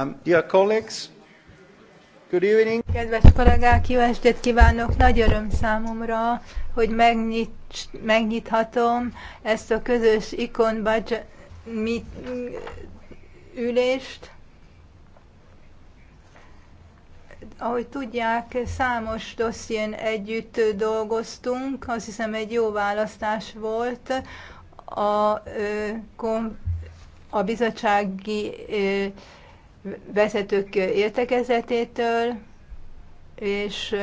Um, dear colleagues, good evening. Kedves kollégák, jó estét kívánok! Nagy öröm számomra, hogy megnyit, megnyithatom ezt a közös ikon mit, ülést. Ahogy tudják, számos dosszién együtt dolgoztunk, azt hiszem egy jó választás volt a, a bizottsági vezetők értekezetétől, és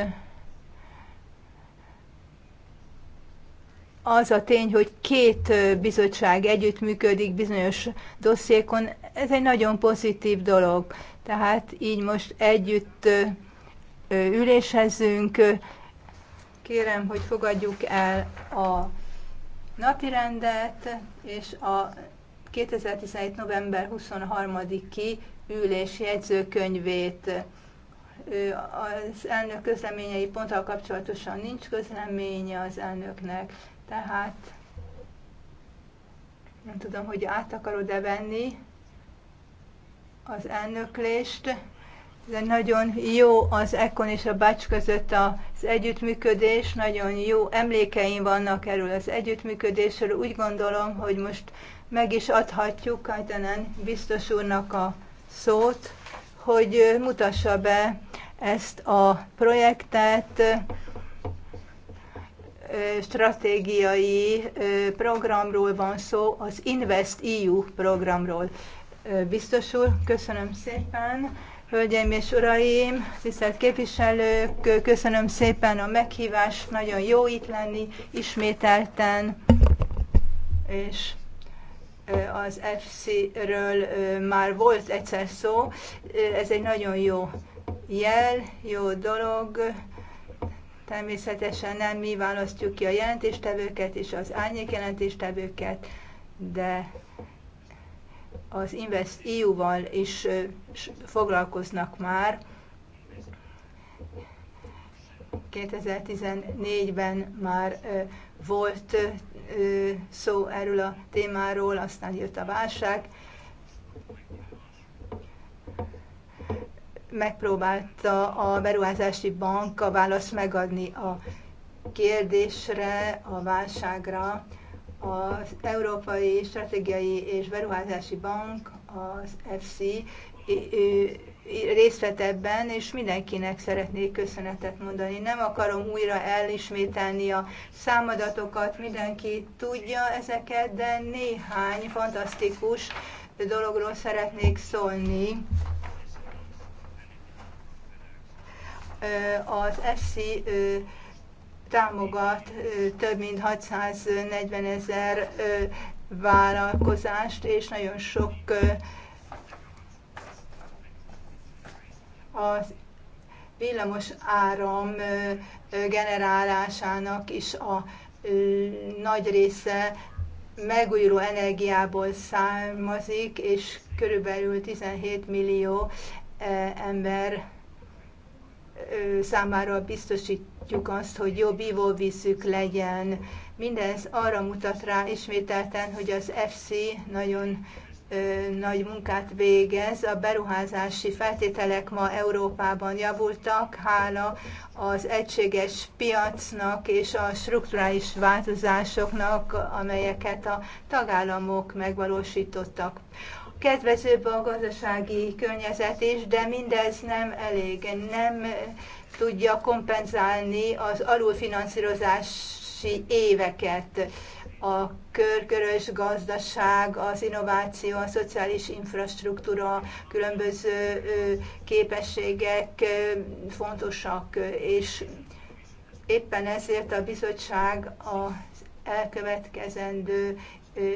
az a tény, hogy két bizottság együttműködik bizonyos dossziékon, ez egy nagyon pozitív dolog. Tehát így most együtt ülésezzünk. Kérem, hogy fogadjuk el a rendet, és a 2017. november 23-i ülés jegyzőkönyvét. Az elnök közleményei ponttal kapcsolatosan nincs közleménye az elnöknek, tehát nem tudom, hogy át akarod-e venni az elnöklést, de nagyon jó az Ekon és a Bács között az együttműködés, nagyon jó emlékeim vannak erről az együttműködésről. Úgy gondolom, hogy most meg is adhatjuk Kajtenen biztos úrnak a szót, hogy mutassa be ezt a projektet, stratégiai programról van szó, az Invest EU programról. Biztos úr, köszönöm szépen. Hölgyeim és uraim, tisztelt képviselők, köszönöm szépen a meghívást, nagyon jó itt lenni ismételten, és az FC-ről már volt egyszer szó, ez egy nagyon jó jel, jó dolog. Természetesen nem mi választjuk ki a jelentéstevőket és az árnyék jelentéstevőket, de az Invest EU-val is foglalkoznak már. 2014-ben már volt szó erről a témáról, aztán jött a válság. Megpróbálta a beruházási bank a választ megadni a kérdésre, a válságra. Az Európai Stratégiai és Beruházási Bank, az FC részt ebben, és mindenkinek szeretnék köszönetet mondani. Nem akarom újra elismételni a számadatokat, mindenki tudja ezeket, de néhány fantasztikus dologról szeretnék szólni. Az ESZI támogat több mint 640 ezer vállalkozást, és nagyon sok a villamos áram generálásának is a nagy része megújuló energiából származik, és körülbelül 17 millió ember számára biztosítjuk azt, hogy jobb ivóvízük legyen. Mindez arra mutat rá ismételten, hogy az FC nagyon nagy munkát végez. A beruházási feltételek ma Európában javultak, hála az egységes piacnak és a strukturális változásoknak, amelyeket a tagállamok megvalósítottak. Kedvezőbb a gazdasági környezet is, de mindez nem elég, nem tudja kompenzálni az alulfinanszírozási éveket a körkörös gazdaság, az innováció, a szociális infrastruktúra, különböző képességek fontosak, és éppen ezért a bizottság az elkövetkezendő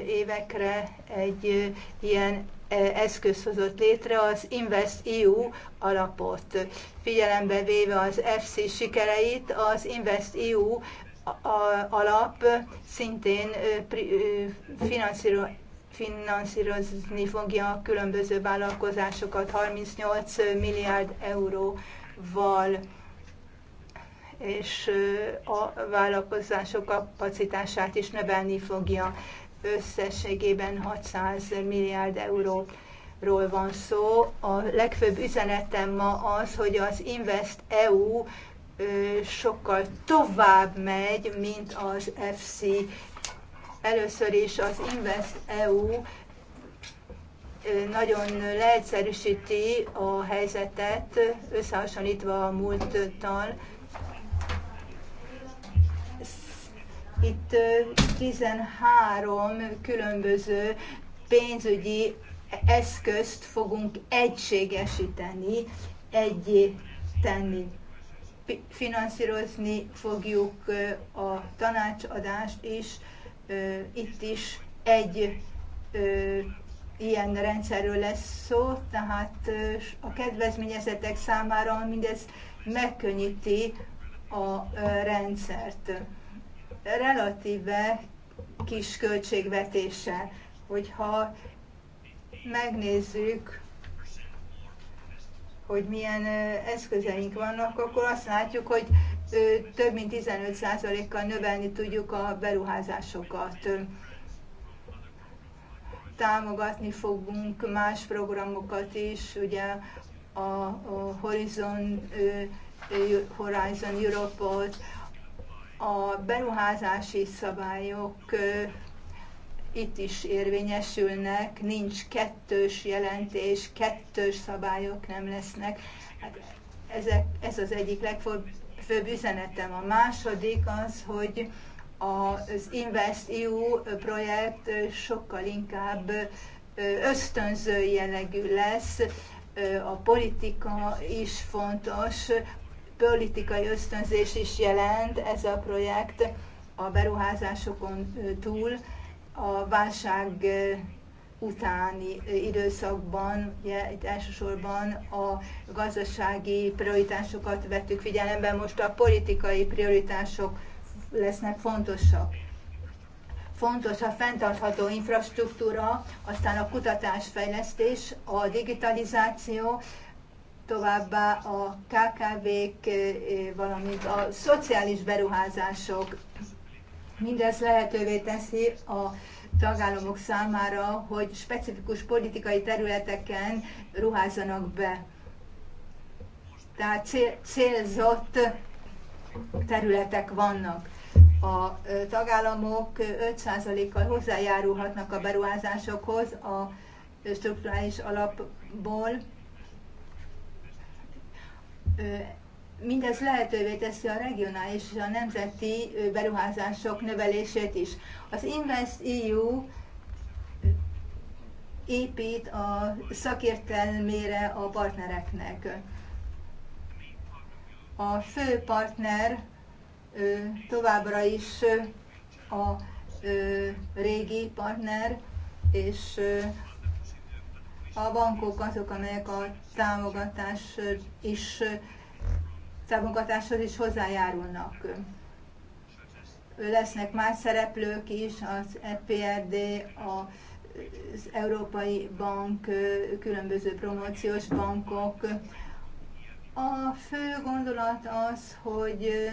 évekre egy ilyen eszköz hozott létre, az Invest EU alapot. Figyelembe véve az FC sikereit, az Invest EU alap szintén finanszírozni fogja a különböző vállalkozásokat 38 milliárd euróval és a vállalkozások kapacitását is növelni fogja. Összességében 600 milliárd euróról van szó. A legfőbb üzenetem ma az, hogy az Invest EU sokkal tovább megy, mint az FC. Először is az Invest EU nagyon leegyszerűsíti a helyzetet, összehasonlítva a múlttal. Itt 13 különböző pénzügyi eszközt fogunk egységesíteni, egyé tenni finanszírozni fogjuk a tanácsadást is, itt is egy ilyen rendszerről lesz szó, tehát a kedvezményezetek számára mindez megkönnyíti a rendszert. Relatíve kis költségvetéssel, hogyha megnézzük hogy milyen eszközeink vannak, akkor azt látjuk, hogy több mint 15%-kal növelni tudjuk a beruházásokat. Támogatni fogunk más programokat is, ugye a, Horizon, Horizon Europe-ot, a beruházási szabályok itt is érvényesülnek, nincs kettős jelentés, kettős szabályok nem lesznek. Hát ezek, ez az egyik legfőbb üzenetem. A második az, hogy az InvestEU projekt sokkal inkább ösztönző jellegű lesz, a politika is fontos, politikai ösztönzés is jelent ez a projekt a beruházásokon túl a válság utáni időszakban, ugye itt elsősorban a gazdasági prioritásokat vettük figyelembe, most a politikai prioritások lesznek fontosak. Fontos a fenntartható infrastruktúra, aztán a kutatásfejlesztés, a digitalizáció, továbbá a KKV-k, valamint a szociális beruházások Mindez lehetővé teszi a tagállamok számára, hogy specifikus politikai területeken ruházzanak be. Tehát célzott területek vannak. A tagállamok 5%-kal hozzájárulhatnak a beruházásokhoz a strukturális alapból. Mindez lehetővé teszi a regionális és a nemzeti beruházások növelését is. Az Invest EU épít a szakértelmére a partnereknek. A fő partner továbbra is a régi partner, és a bankok azok, amelyek a támogatás is támogatáshoz is hozzájárulnak. Lesznek más szereplők is, az EPRD, az Európai Bank, különböző promóciós bankok. A fő gondolat az, hogy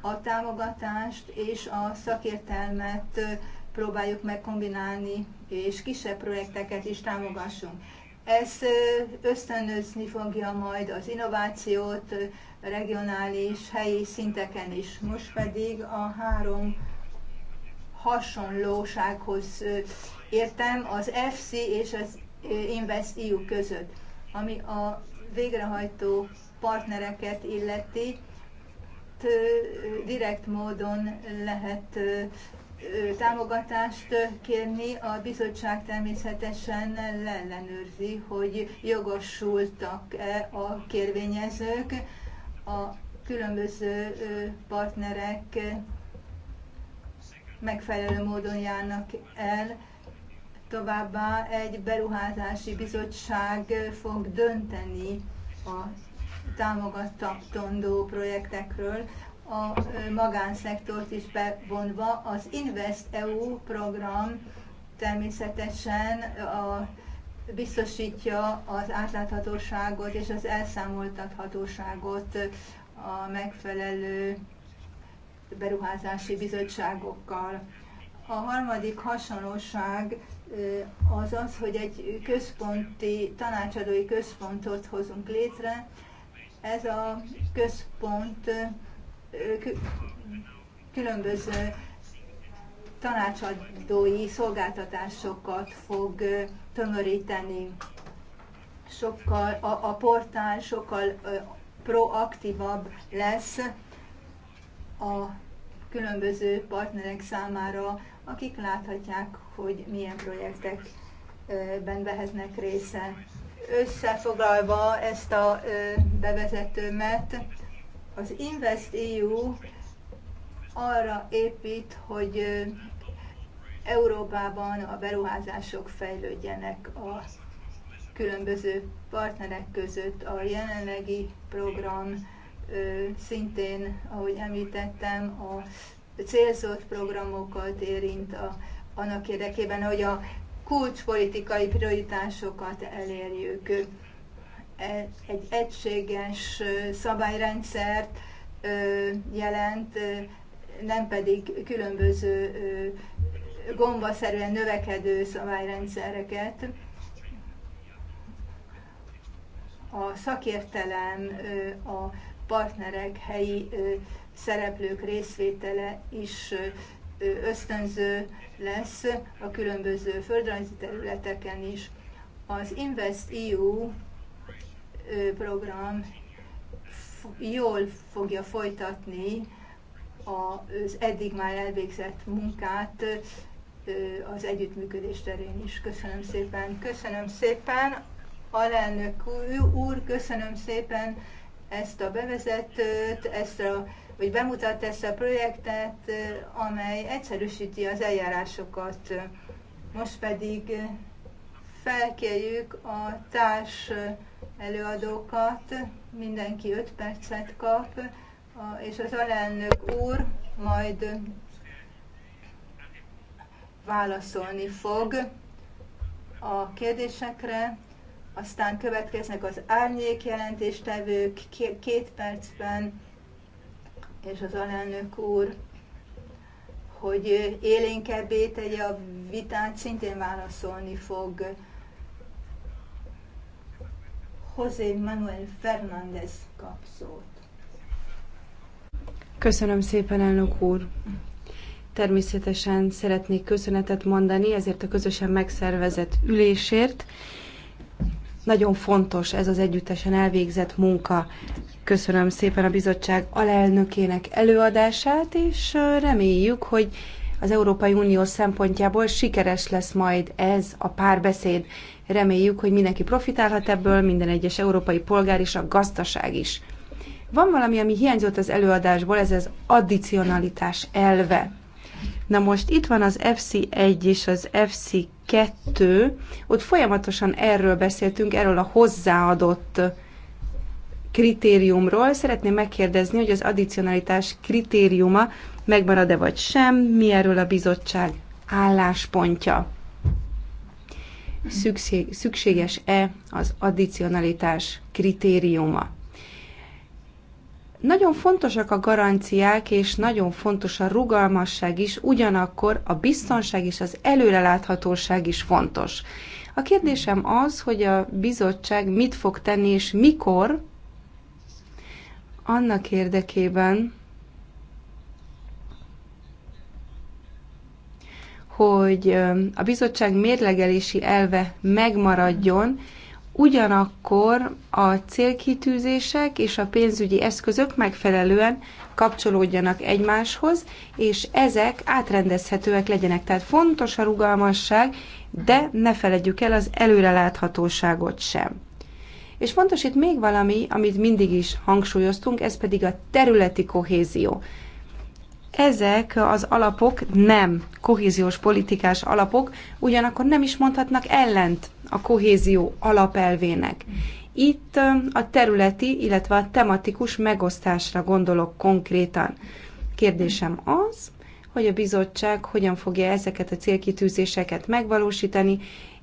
a támogatást és a szakértelmet próbáljuk megkombinálni, és kisebb projekteket is támogassunk. Ez ösztönözni fogja majd az innovációt, regionális, helyi szinteken is. Most pedig a három hasonlósághoz értem az FC és az EU között, ami a végrehajtó partnereket illeti, direkt módon lehet támogatást kérni. A bizottság természetesen ellenőrzi, hogy jogosultak-e a kérvényezők a különböző partnerek megfelelő módon járnak el. Továbbá egy beruházási bizottság fog dönteni a támogatandó projektekről, a magánszektort is bevonva. Az Invest EU program természetesen a biztosítja az átláthatóságot és az elszámoltathatóságot a megfelelő beruházási bizottságokkal. A harmadik hasonlóság az az, hogy egy központi, tanácsadói központot hozunk létre. Ez a központ különböző tanácsadói szolgáltatásokat fog tömöríteni. Sokkal, a, a portál sokkal proaktívabb lesz a különböző partnerek számára, akik láthatják, hogy milyen projektekben vehetnek része. Összefoglalva ezt a bevezetőmet, az InvestEU arra épít, hogy Európában a beruházások fejlődjenek a különböző partnerek között. A jelenlegi program szintén, ahogy említettem, a célzott programokat érint a, annak érdekében, hogy a kulcspolitikai prioritásokat elérjük. E, egy egységes szabályrendszert jelent nem pedig különböző gombaszerűen növekedő szabályrendszereket. A szakértelem, a partnerek, helyi szereplők részvétele is ösztönző lesz a különböző földrajzi területeken is. Az Invest EU program jól fogja folytatni az eddig már elvégzett munkát az együttműködés terén is. Köszönöm szépen. Köszönöm szépen, alelnök úr, köszönöm szépen ezt a bevezetőt, ezt a, vagy bemutatta ezt a projektet, amely egyszerűsíti az eljárásokat. Most pedig felkérjük a társ előadókat, mindenki 5 percet kap, és az alelnök úr majd válaszolni fog a kérdésekre, aztán következnek az árnyék jelentéstevők két percben, és az alelnök úr, hogy élénkebbé tegye a vitát, szintén válaszolni fog José Manuel Fernández kapszót. Köszönöm szépen, elnök úr! Természetesen szeretnék köszönetet mondani ezért a közösen megszervezett ülésért. Nagyon fontos ez az együttesen elvégzett munka. Köszönöm szépen a bizottság alelnökének előadását, és reméljük, hogy az Európai Unió szempontjából sikeres lesz majd ez a párbeszéd. Reméljük, hogy mindenki profitálhat ebből, minden egyes európai polgár is, a gazdaság is. Van valami, ami hiányzott az előadásból, ez az addicionalitás elve. Na most itt van az FC1 és az FC2, ott folyamatosan erről beszéltünk, erről a hozzáadott kritériumról. Szeretném megkérdezni, hogy az addicionalitás kritériuma megmarad-e vagy sem, mi erről a bizottság álláspontja. Szükség, szükséges-e az addicionalitás kritériuma? Nagyon fontosak a garanciák, és nagyon fontos a rugalmasság is, ugyanakkor a biztonság és az előreláthatóság is fontos. A kérdésem az, hogy a bizottság mit fog tenni, és mikor annak érdekében, hogy a bizottság mérlegelési elve megmaradjon, Ugyanakkor a célkitűzések és a pénzügyi eszközök megfelelően kapcsolódjanak egymáshoz, és ezek átrendezhetőek legyenek. Tehát fontos a rugalmasság, de ne feledjük el az előreláthatóságot sem. És fontos itt még valami, amit mindig is hangsúlyoztunk, ez pedig a területi kohézió ezek az alapok nem kohéziós politikás alapok, ugyanakkor nem is mondhatnak ellent a kohézió alapelvének. Itt a területi, illetve a tematikus megosztásra gondolok konkrétan. Kérdésem az, hogy a bizottság hogyan fogja ezeket a célkitűzéseket megvalósítani,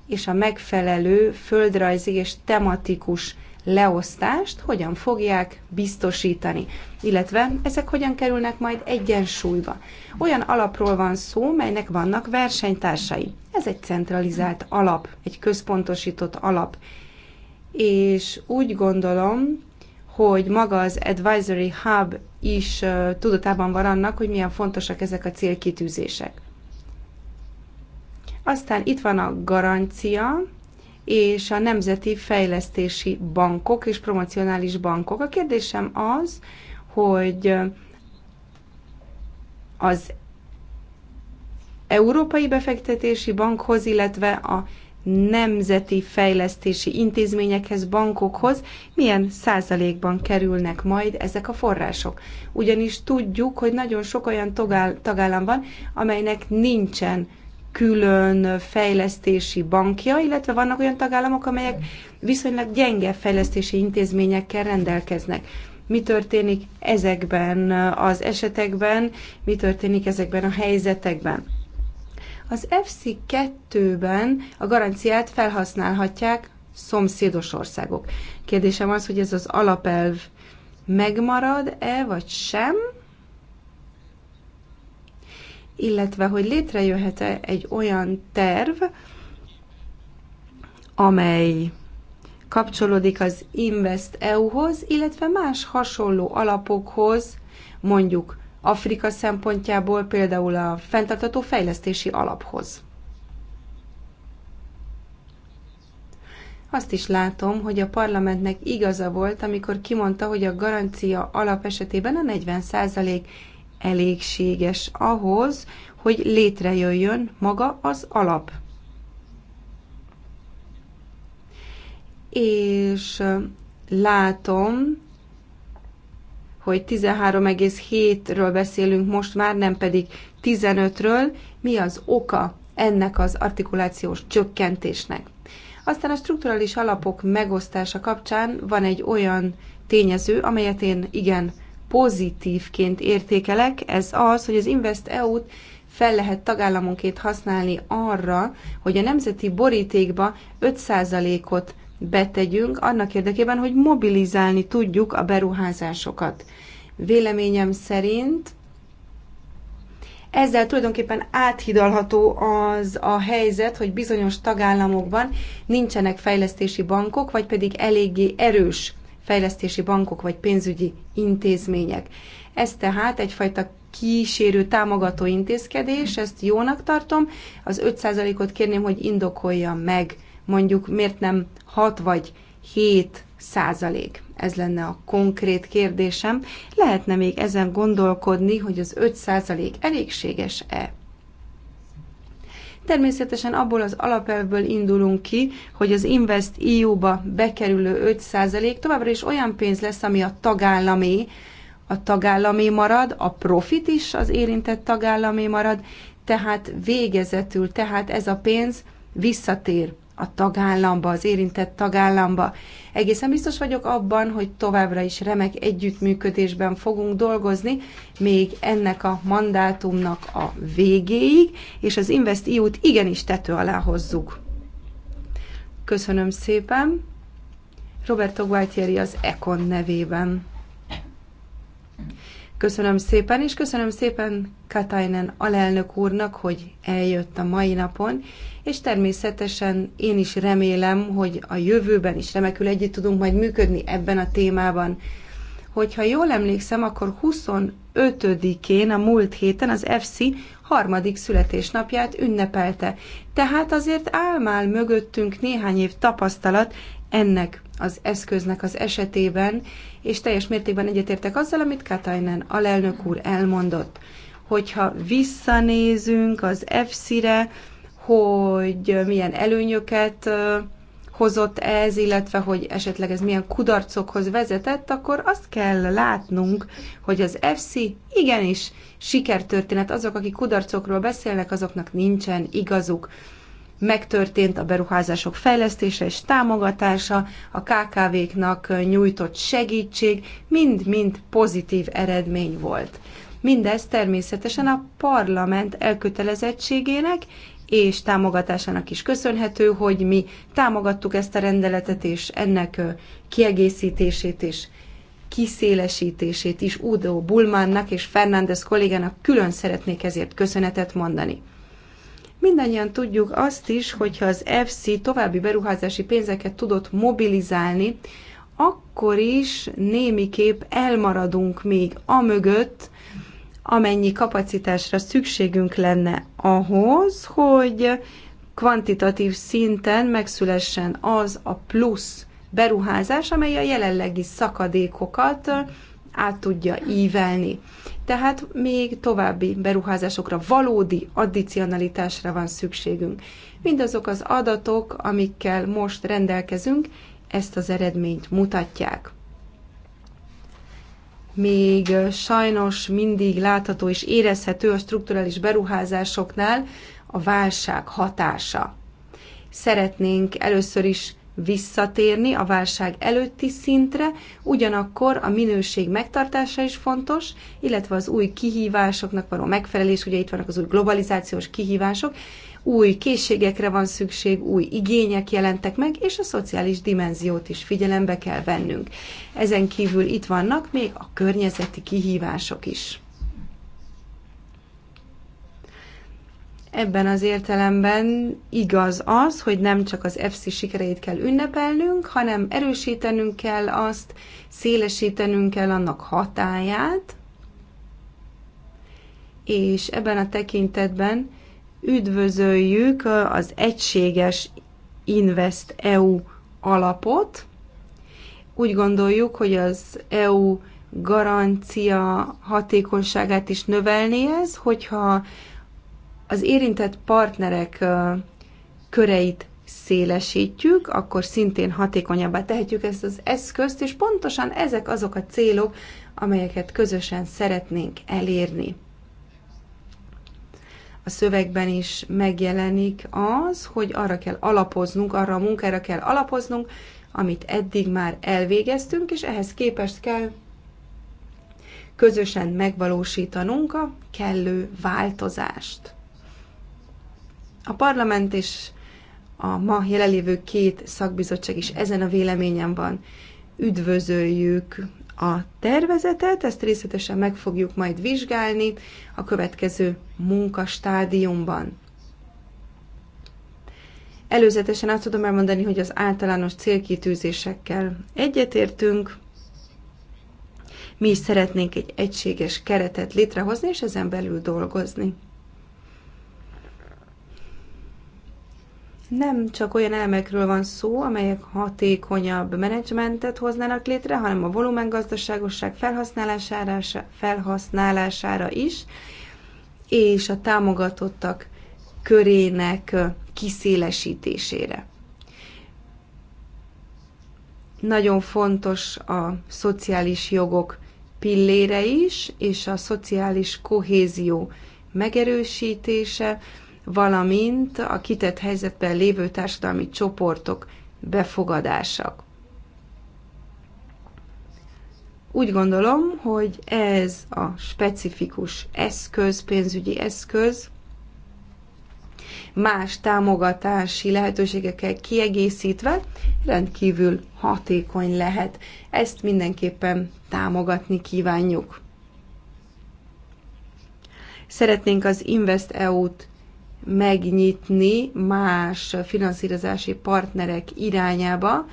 és a megfelelő földrajzi és tematikus leosztást hogyan fogják biztosítani, illetve ezek hogyan kerülnek majd egyensúlyba. Olyan alapról van szó, melynek vannak versenytársai. Ez egy centralizált alap, egy központosított alap. És úgy gondolom, hogy maga az Advisory Hub is tudatában van annak, hogy milyen fontosak ezek a célkitűzések. Aztán itt van a garancia, és a Nemzeti Fejlesztési Bankok és Promocionális Bankok. A kérdésem az, hogy az Európai Befektetési Bankhoz, illetve a nemzeti fejlesztési intézményekhez, bankokhoz milyen százalékban kerülnek majd ezek a források. Ugyanis tudjuk, hogy nagyon sok olyan tagállam van, amelynek nincsen külön fejlesztési bankja, illetve vannak olyan tagállamok, amelyek viszonylag gyenge fejlesztési intézményekkel rendelkeznek. Mi történik ezekben az esetekben, mi történik ezekben a helyzetekben? Az FC2-ben a garanciát felhasználhatják szomszédos országok. Kérdésem az, hogy ez az alapelv megmarad-e, vagy sem? illetve hogy létrejöhet-e egy olyan terv, amely kapcsolódik az Invest EU-hoz, illetve más hasonló alapokhoz, mondjuk Afrika szempontjából például a fenntartató fejlesztési alaphoz. Azt is látom, hogy a parlamentnek igaza volt, amikor kimondta, hogy a garancia alap esetében a 40% elégséges ahhoz, hogy létrejöjjön maga az alap. És látom, hogy 13,7-ről beszélünk most már, nem pedig 15-ről. Mi az oka ennek az artikulációs csökkentésnek? Aztán a strukturális alapok megosztása kapcsán van egy olyan tényező, amelyet én igen pozitívként értékelek, ez az, hogy az Invest EU-t fel lehet tagállamonként használni arra, hogy a nemzeti borítékba 5%-ot betegyünk, annak érdekében, hogy mobilizálni tudjuk a beruházásokat. Véleményem szerint ezzel tulajdonképpen áthidalható az a helyzet, hogy bizonyos tagállamokban nincsenek fejlesztési bankok, vagy pedig eléggé erős fejlesztési bankok vagy pénzügyi intézmények. Ez tehát egyfajta kísérő támogató intézkedés, ezt jónak tartom. Az 5%-ot kérném, hogy indokolja meg, mondjuk miért nem 6 vagy 7 százalék. Ez lenne a konkrét kérdésem. Lehetne még ezen gondolkodni, hogy az 5 százalék elégséges-e? Természetesen abból az alapelvből indulunk ki, hogy az Invest EU-ba bekerülő 5% továbbra is olyan pénz lesz, ami a tagállamé, a tagállamé marad, a profit is az érintett tagállamé marad, tehát végezetül, tehát ez a pénz visszatér a tagállamba, az érintett tagállamba. Egészen biztos vagyok abban, hogy továbbra is remek együttműködésben fogunk dolgozni, még ennek a mandátumnak a végéig, és az eu t igenis tető alá hozzuk. Köszönöm szépen! Roberto Gualtieri az Econ nevében. Köszönöm szépen, és köszönöm szépen Katainen alelnök úrnak, hogy eljött a mai napon, és természetesen én is remélem, hogy a jövőben is remekül együtt tudunk majd működni ebben a témában. Hogyha jól emlékszem, akkor 25-én a múlt héten az FC harmadik születésnapját ünnepelte. Tehát azért álmál mögöttünk néhány év tapasztalat ennek az eszköznek az esetében, és teljes mértékben egyetértek azzal, amit Katainen alelnök úr elmondott. Hogyha visszanézünk az EFSZ-re, hogy milyen előnyöket hozott ez, illetve hogy esetleg ez milyen kudarcokhoz vezetett, akkor azt kell látnunk, hogy az FC igenis sikertörténet. Azok, akik kudarcokról beszélnek, azoknak nincsen igazuk megtörtént a beruházások fejlesztése és támogatása, a KKV-knak nyújtott segítség, mind-mind pozitív eredmény volt. Mindez természetesen a parlament elkötelezettségének és támogatásának is köszönhető, hogy mi támogattuk ezt a rendeletet, és ennek kiegészítését és kiszélesítését is Udo Bulmannak és Fernández kollégának külön szeretnék ezért köszönetet mondani. Mindannyian tudjuk azt is, hogyha az FC további beruházási pénzeket tudott mobilizálni, akkor is némiképp elmaradunk még a mögött, amennyi kapacitásra szükségünk lenne ahhoz, hogy kvantitatív szinten megszülessen az a plusz beruházás, amely a jelenlegi szakadékokat át tudja ívelni tehát még további beruházásokra, valódi addicionalitásra van szükségünk. Mindazok az adatok, amikkel most rendelkezünk, ezt az eredményt mutatják. Még sajnos mindig látható és érezhető a strukturális beruházásoknál a válság hatása. Szeretnénk először is visszatérni a válság előtti szintre, ugyanakkor a minőség megtartása is fontos, illetve az új kihívásoknak való megfelelés, ugye itt vannak az új globalizációs kihívások, új készségekre van szükség, új igények jelentek meg, és a szociális dimenziót is figyelembe kell vennünk. Ezen kívül itt vannak még a környezeti kihívások is. Ebben az értelemben igaz az, hogy nem csak az FC sikereit kell ünnepelnünk, hanem erősítenünk kell azt, szélesítenünk kell annak hatáját, és ebben a tekintetben üdvözöljük az egységes Invest EU alapot. Úgy gondoljuk, hogy az EU garancia hatékonyságát is növelné ez, hogyha az érintett partnerek köreit szélesítjük, akkor szintén hatékonyabbá tehetjük ezt az eszközt, és pontosan ezek azok a célok, amelyeket közösen szeretnénk elérni. A szövegben is megjelenik az, hogy arra kell alapoznunk, arra a munkára kell alapoznunk, amit eddig már elvégeztünk, és ehhez képest kell közösen megvalósítanunk a kellő változást. A parlament és a ma jelenlévő két szakbizottság is ezen a véleményen van. Üdvözöljük a tervezetet, ezt részletesen meg fogjuk majd vizsgálni a következő munkastádiumban. Előzetesen azt tudom elmondani, hogy az általános célkitűzésekkel egyetértünk, mi is szeretnénk egy egységes keretet létrehozni, és ezen belül dolgozni. nem csak olyan elemekről van szó, amelyek hatékonyabb menedzsmentet hoznának létre, hanem a volumengazdaságosság felhasználására, felhasználására is, és a támogatottak körének kiszélesítésére. Nagyon fontos a szociális jogok pillére is, és a szociális kohézió megerősítése, valamint a kitett helyzetben lévő társadalmi csoportok befogadásak. Úgy gondolom, hogy ez a specifikus eszköz, pénzügyi eszköz más támogatási lehetőségekkel kiegészítve rendkívül hatékony lehet. Ezt mindenképpen támogatni kívánjuk. Szeretnénk az InvestEU-t megnyitni más finanszírozási partnerek irányába.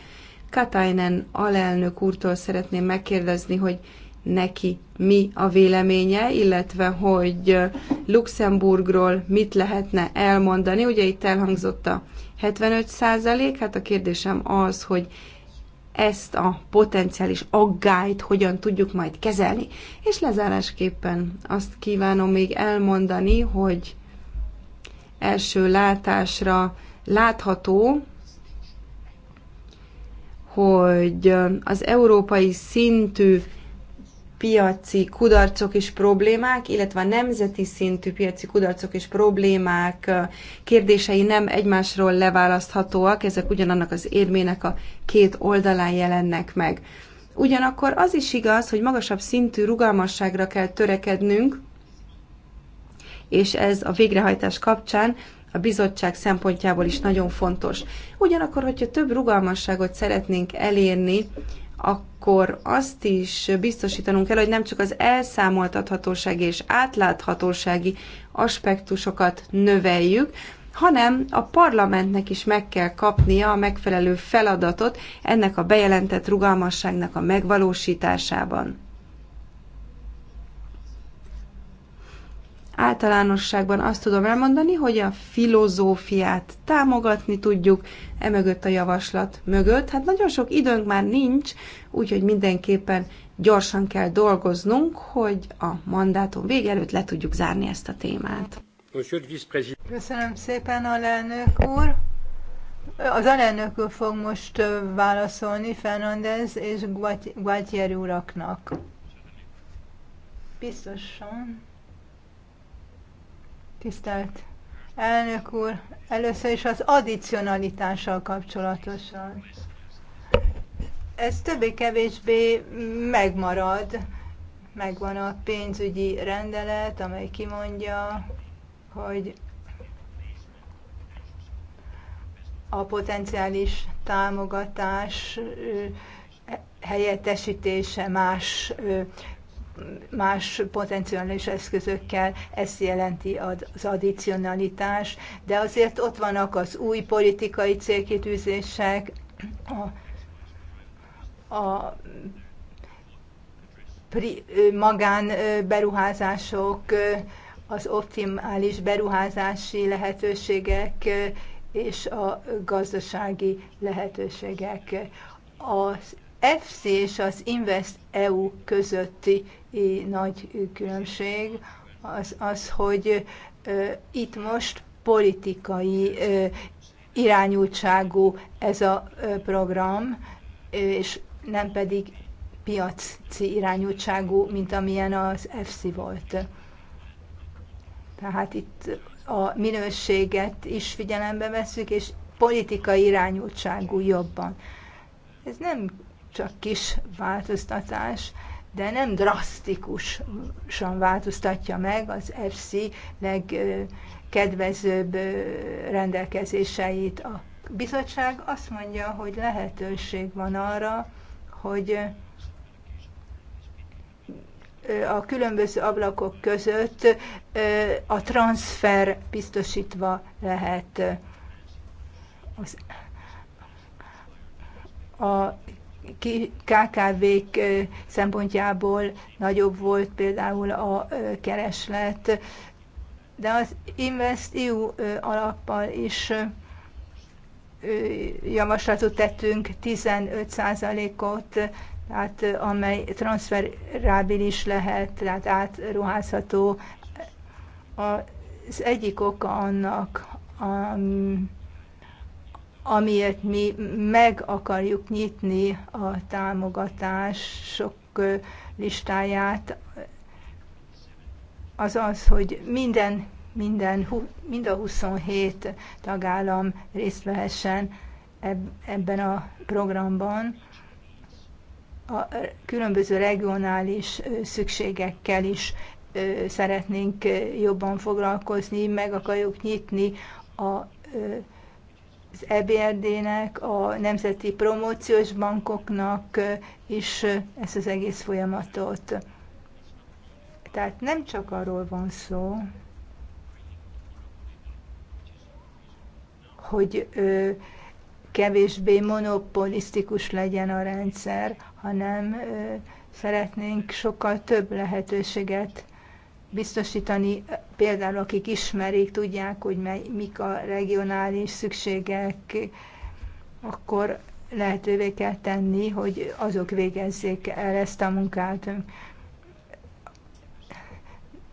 Katainen alelnök úrtól szeretném megkérdezni, hogy neki mi a véleménye, illetve hogy Luxemburgról mit lehetne elmondani. Ugye itt elhangzott a 75 százalék, hát a kérdésem az, hogy ezt a potenciális aggályt hogyan tudjuk majd kezelni. És lezárásképpen azt kívánom még elmondani, hogy első látásra látható, hogy az európai szintű piaci kudarcok és problémák, illetve a nemzeti szintű piaci kudarcok és problémák kérdései nem egymásról leválaszthatóak, ezek ugyanannak az érmének a két oldalán jelennek meg. Ugyanakkor az is igaz, hogy magasabb szintű rugalmasságra kell törekednünk, és ez a végrehajtás kapcsán a bizottság szempontjából is nagyon fontos. Ugyanakkor, hogyha több rugalmasságot szeretnénk elérni, akkor azt is biztosítanunk kell, hogy nem csak az elszámoltathatósági és átláthatósági aspektusokat növeljük, hanem a parlamentnek is meg kell kapnia a megfelelő feladatot ennek a bejelentett rugalmasságnak a megvalósításában. Általánosságban azt tudom elmondani, hogy a filozófiát támogatni tudjuk, emögött a javaslat mögött. Hát nagyon sok időnk már nincs, úgyhogy mindenképpen gyorsan kell dolgoznunk, hogy a mandátum vége előtt le tudjuk zárni ezt a témát. Köszönöm szépen, alelnök úr! Az alelnök úr fog most válaszolni Fernandez és Guatier uraknak. Biztosan. Tisztelt elnök úr, először is az addicionalitással kapcsolatosan. Ez többé-kevésbé megmarad, megvan a pénzügyi rendelet, amely kimondja, hogy a potenciális támogatás helyettesítése más más potenciális eszközökkel, ezt jelenti az addicionalitás, de azért ott vannak az új politikai célkitűzések, a, a pri, magán beruházások, az optimális beruházási lehetőségek és a gazdasági lehetőségek. Az FC és az Invest EU közötti eh, nagy eh, különbség az, az hogy eh, itt most politikai irányultságú ez a program, és nem pedig piaci irányultságú, mint amilyen az FC volt. Tehát itt a minőséget is figyelembe veszük, és politikai irányultságú jobban. Ez nem csak kis változtatás, de nem drasztikusan változtatja meg az FC legkedvezőbb rendelkezéseit. A bizottság azt mondja, hogy lehetőség van arra, hogy a különböző ablakok között a transfer biztosítva lehet. Az a KKV-k szempontjából nagyobb volt például a kereslet, de az InvestEU alappal is javaslatot tettünk 15%-ot, tehát amely transferrábilis lehet, tehát átruházható. Az egyik oka annak, amiért mi meg akarjuk nyitni a támogatások listáját, az az, hogy minden, minden, mind a 27 tagállam részt vehessen ebben a programban, a különböző regionális szükségekkel is szeretnénk jobban foglalkozni, meg akarjuk nyitni a az EBRD-nek, a nemzeti promóciós bankoknak is ezt az egész folyamatot. Tehát nem csak arról van szó, hogy ö, kevésbé monopolisztikus legyen a rendszer, hanem ö, szeretnénk sokkal több lehetőséget biztosítani, például akik ismerik, tudják, hogy mely, mik a regionális szükségek, akkor lehetővé kell tenni, hogy azok végezzék el ezt a munkát.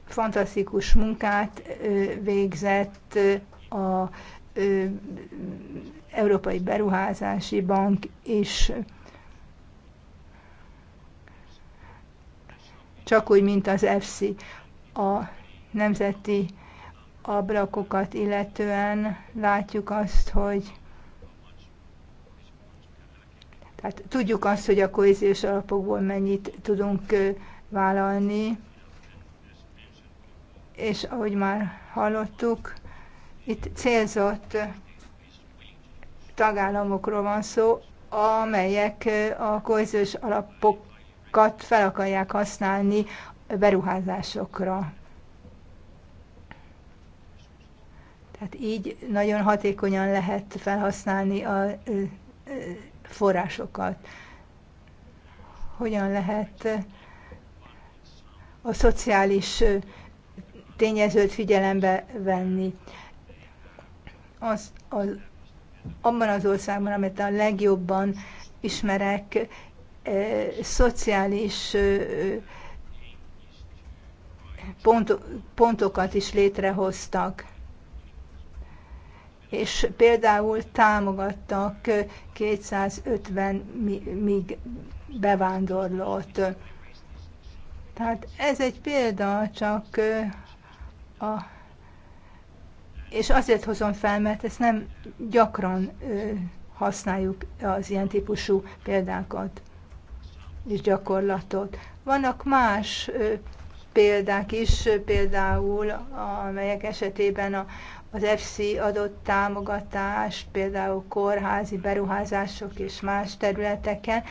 Fantasztikus munkát végzett a Európai Beruházási Bank is. Csak úgy, mint az EFSI a nemzeti ablakokat illetően látjuk azt, hogy tehát tudjuk azt, hogy a kohéziós alapokból mennyit tudunk vállalni, és ahogy már hallottuk, itt célzott tagállamokról van szó, amelyek a kohéziós alapokat fel akarják használni beruházásokra. Tehát így nagyon hatékonyan lehet felhasználni a forrásokat. Hogyan lehet a szociális tényezőt figyelembe venni. Az, az, abban az országban, amit a legjobban ismerek, szociális pont, pontokat is létrehoztak. És például támogattak 250 míg bevándorlót. Tehát ez egy példa csak a és azért hozom fel, mert ezt nem gyakran ö, használjuk az ilyen típusú példákat és gyakorlatot. Vannak más ö, példák is, például amelyek esetében a, az FC adott támogatást, például kórházi beruházások és más területeken,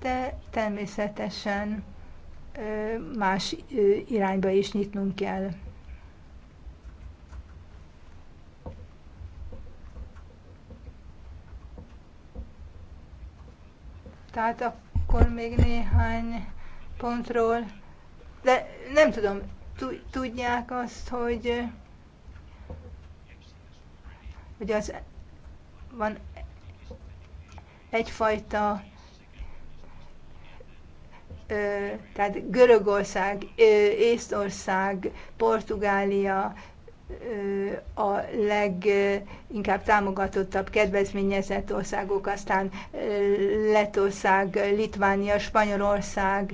de természetesen más irányba is nyitnunk kell. Tehát akkor még néhány pontról de nem tudom, tudják azt, hogy, hogy az van egyfajta tehát Görögország, Észtország, Portugália a leginkább támogatottabb, kedvezményezett országok, aztán Lettország, Litvánia, Spanyolország,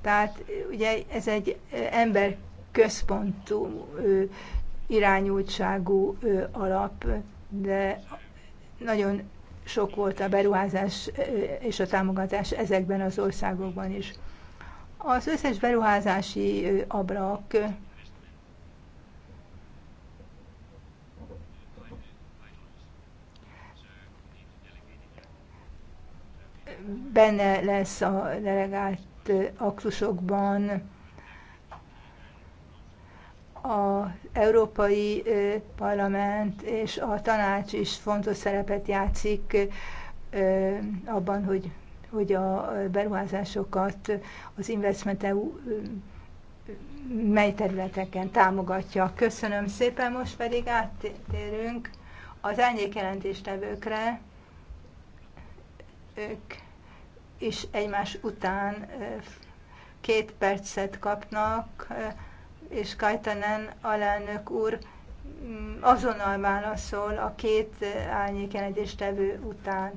tehát ugye ez egy emberközpontú irányultságú alap, de nagyon sok volt a beruházás és a támogatás ezekben az országokban is. Az összes beruházási abrak benne lesz a delegált aktusokban az Európai Parlament és a tanács is fontos szerepet játszik abban, hogy, hogy a beruházásokat az Investment EU mely területeken támogatja. Köszönöm szépen, most pedig áttérünk az elnyékjelentéstevőkre. Ők is egymás után két percet kapnak, és Kajtanen alelnök úr mm, azonnal válaszol a két árnyék jelentéstevő után.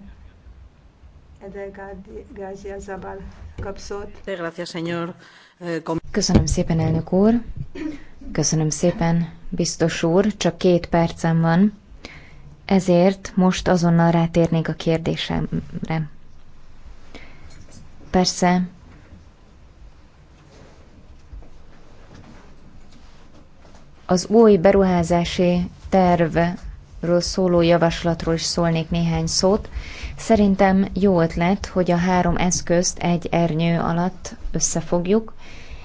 Edelgázia Zabal kap szót. Eh, Köszönöm szépen, elnök úr. Köszönöm szépen, biztos úr. Csak két percem van. Ezért most azonnal rátérnék a kérdésemre. Persze az új beruházási tervről szóló javaslatról is szólnék néhány szót. Szerintem jó ötlet, hogy a három eszközt egy ernyő alatt összefogjuk.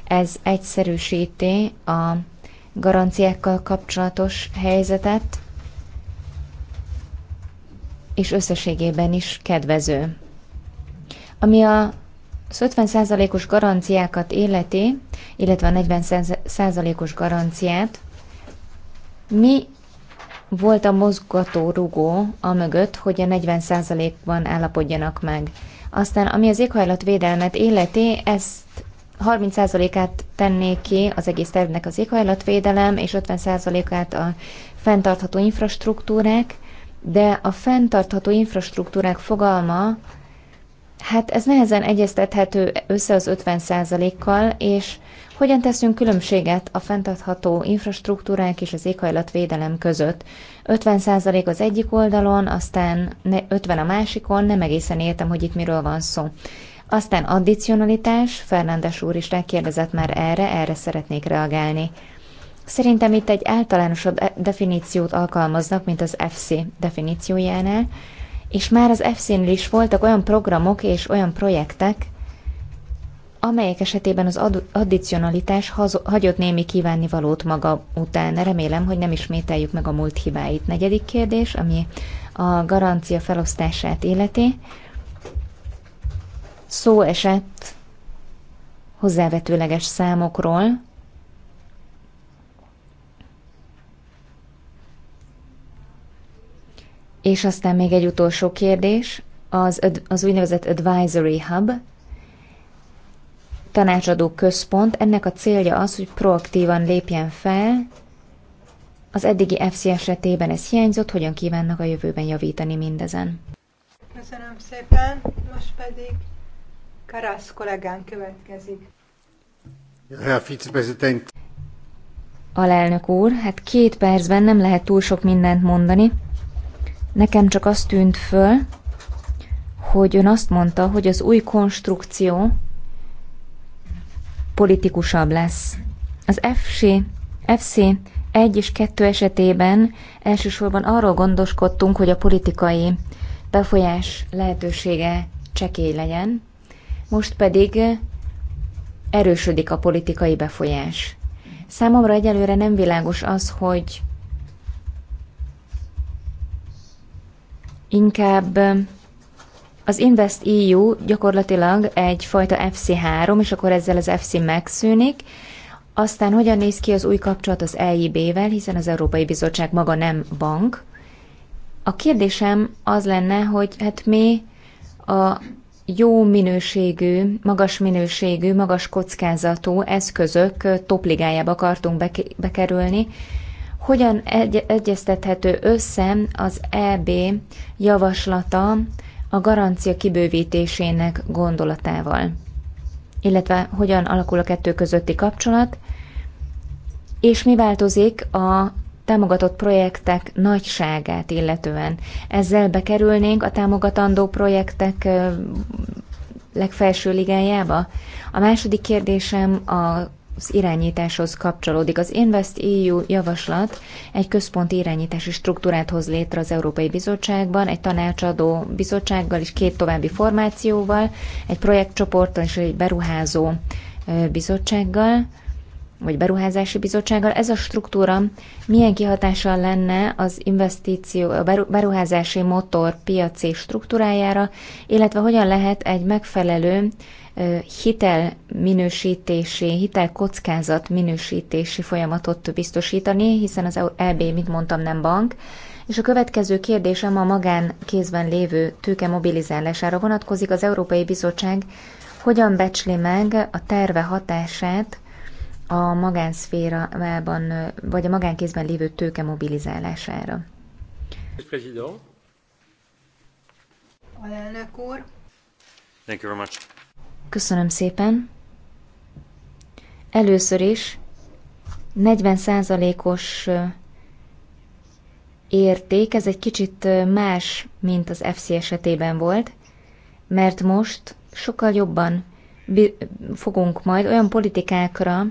Ez egyszerűsíti a garanciákkal kapcsolatos helyzetet, és összességében is kedvező. Ami a az 50%-os garanciákat életé, illetve a 40%-os garanciát, mi volt a mozgató rugó a mögött, hogy a 40%-ban állapodjanak meg. Aztán, ami az éghajlatvédelmet életé, ezt 30%-át tenné ki az egész tervnek az éghajlatvédelem, és 50%-át a fenntartható infrastruktúrák, de a fenntartható infrastruktúrák fogalma Hát ez nehezen egyeztethető össze az 50%-kal, és hogyan teszünk különbséget a fenntartható infrastruktúrák és az éghajlatvédelem között? 50% az egyik oldalon, aztán 50 a másikon, nem egészen értem, hogy itt miről van szó. Aztán addicionalitás, Fernándes úr is rákérdezett már erre, erre szeretnék reagálni. Szerintem itt egy általánosabb e- definíciót alkalmaznak, mint az FC definíciójánál, és már az fc nél is voltak olyan programok és olyan projektek, amelyek esetében az addicionalitás hagyott némi kívánnivalót maga után. Remélem, hogy nem ismételjük meg a múlt hibáit. Negyedik kérdés, ami a garancia felosztását illeti. Szó esett hozzávetőleges számokról, És aztán még egy utolsó kérdés, az, az úgynevezett Advisory Hub, tanácsadó központ, ennek a célja az, hogy proaktívan lépjen fel, az eddigi FC esetében ez hiányzott, hogyan kívánnak a jövőben javítani mindezen. Köszönöm szépen, most pedig Karasz kollégán következik. Herr Vizepräsident. Alelnök úr, hát két percben nem lehet túl sok mindent mondani. Nekem csak azt tűnt föl, hogy ön azt mondta, hogy az új konstrukció politikusabb lesz. Az FC, FC 1 és 2 esetében elsősorban arról gondoskodtunk, hogy a politikai befolyás lehetősége csekély legyen, most pedig erősödik a politikai befolyás. Számomra egyelőre nem világos az, hogy inkább um, az Invest EU gyakorlatilag egyfajta FC3, és akkor ezzel az FC megszűnik. Aztán hogyan néz ki az új kapcsolat az EIB-vel, hiszen az Európai Bizottság maga nem bank. A kérdésem az lenne, hogy hát mi a jó minőségű, magas minőségű, magas kockázatú eszközök uh, topligájába akartunk bekerülni, hogyan egy- egyeztethető össze az EB javaslata a garancia kibővítésének gondolatával, illetve hogyan alakul a kettő közötti kapcsolat, és mi változik a támogatott projektek nagyságát illetően. Ezzel bekerülnénk a támogatandó projektek legfelső ligájába? A második kérdésem a az irányításhoz kapcsolódik. Az Invest EU javaslat egy központi irányítási struktúrát hoz létre az Európai Bizottságban, egy tanácsadó bizottsággal és két további formációval, egy projektcsoporttal és egy beruházó bizottsággal vagy beruházási bizottsággal, ez a struktúra milyen kihatással lenne az investíció, a beruházási motor piaci struktúrájára, illetve hogyan lehet egy megfelelő hitel minősítési, hitel kockázat minősítési folyamatot biztosítani, hiszen az EB, e mint mondtam, nem bank. És a következő kérdésem a magán kézben lévő tőke mobilizálására vonatkozik. Az Európai Bizottság hogyan becsli meg a terve hatását a magánszférában, vagy a magánkézben lévő tőke mobilizálására. Alelnök úr. Thank you very much. Köszönöm szépen. Először is 40%-os érték, ez egy kicsit más, mint az FC esetében volt, mert most sokkal jobban fogunk majd olyan politikákra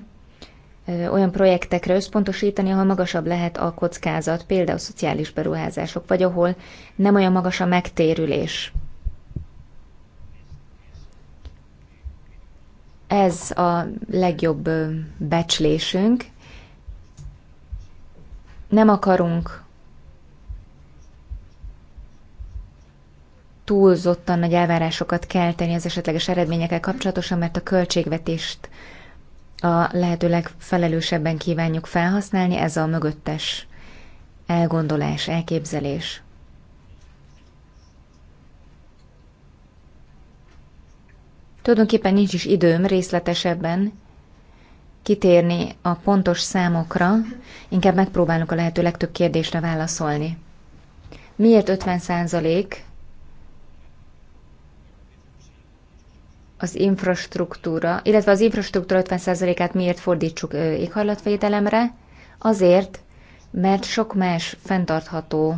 olyan projektekre összpontosítani, ahol magasabb lehet a kockázat, például szociális beruházások, vagy ahol nem olyan magas a megtérülés. Ez a legjobb becslésünk. Nem akarunk túlzottan nagy elvárásokat kelteni az esetleges eredményekkel kapcsolatosan, mert a költségvetést a lehető legfelelősebben kívánjuk felhasználni, ez a mögöttes elgondolás, elképzelés. Tulajdonképpen nincs is időm részletesebben kitérni a pontos számokra, inkább megpróbálunk a lehető legtöbb kérdésre válaszolni. Miért 50 százalék az infrastruktúra, illetve az infrastruktúra 50%-át miért fordítsuk éghajlatvédelemre? Azért, mert sok más fenntartható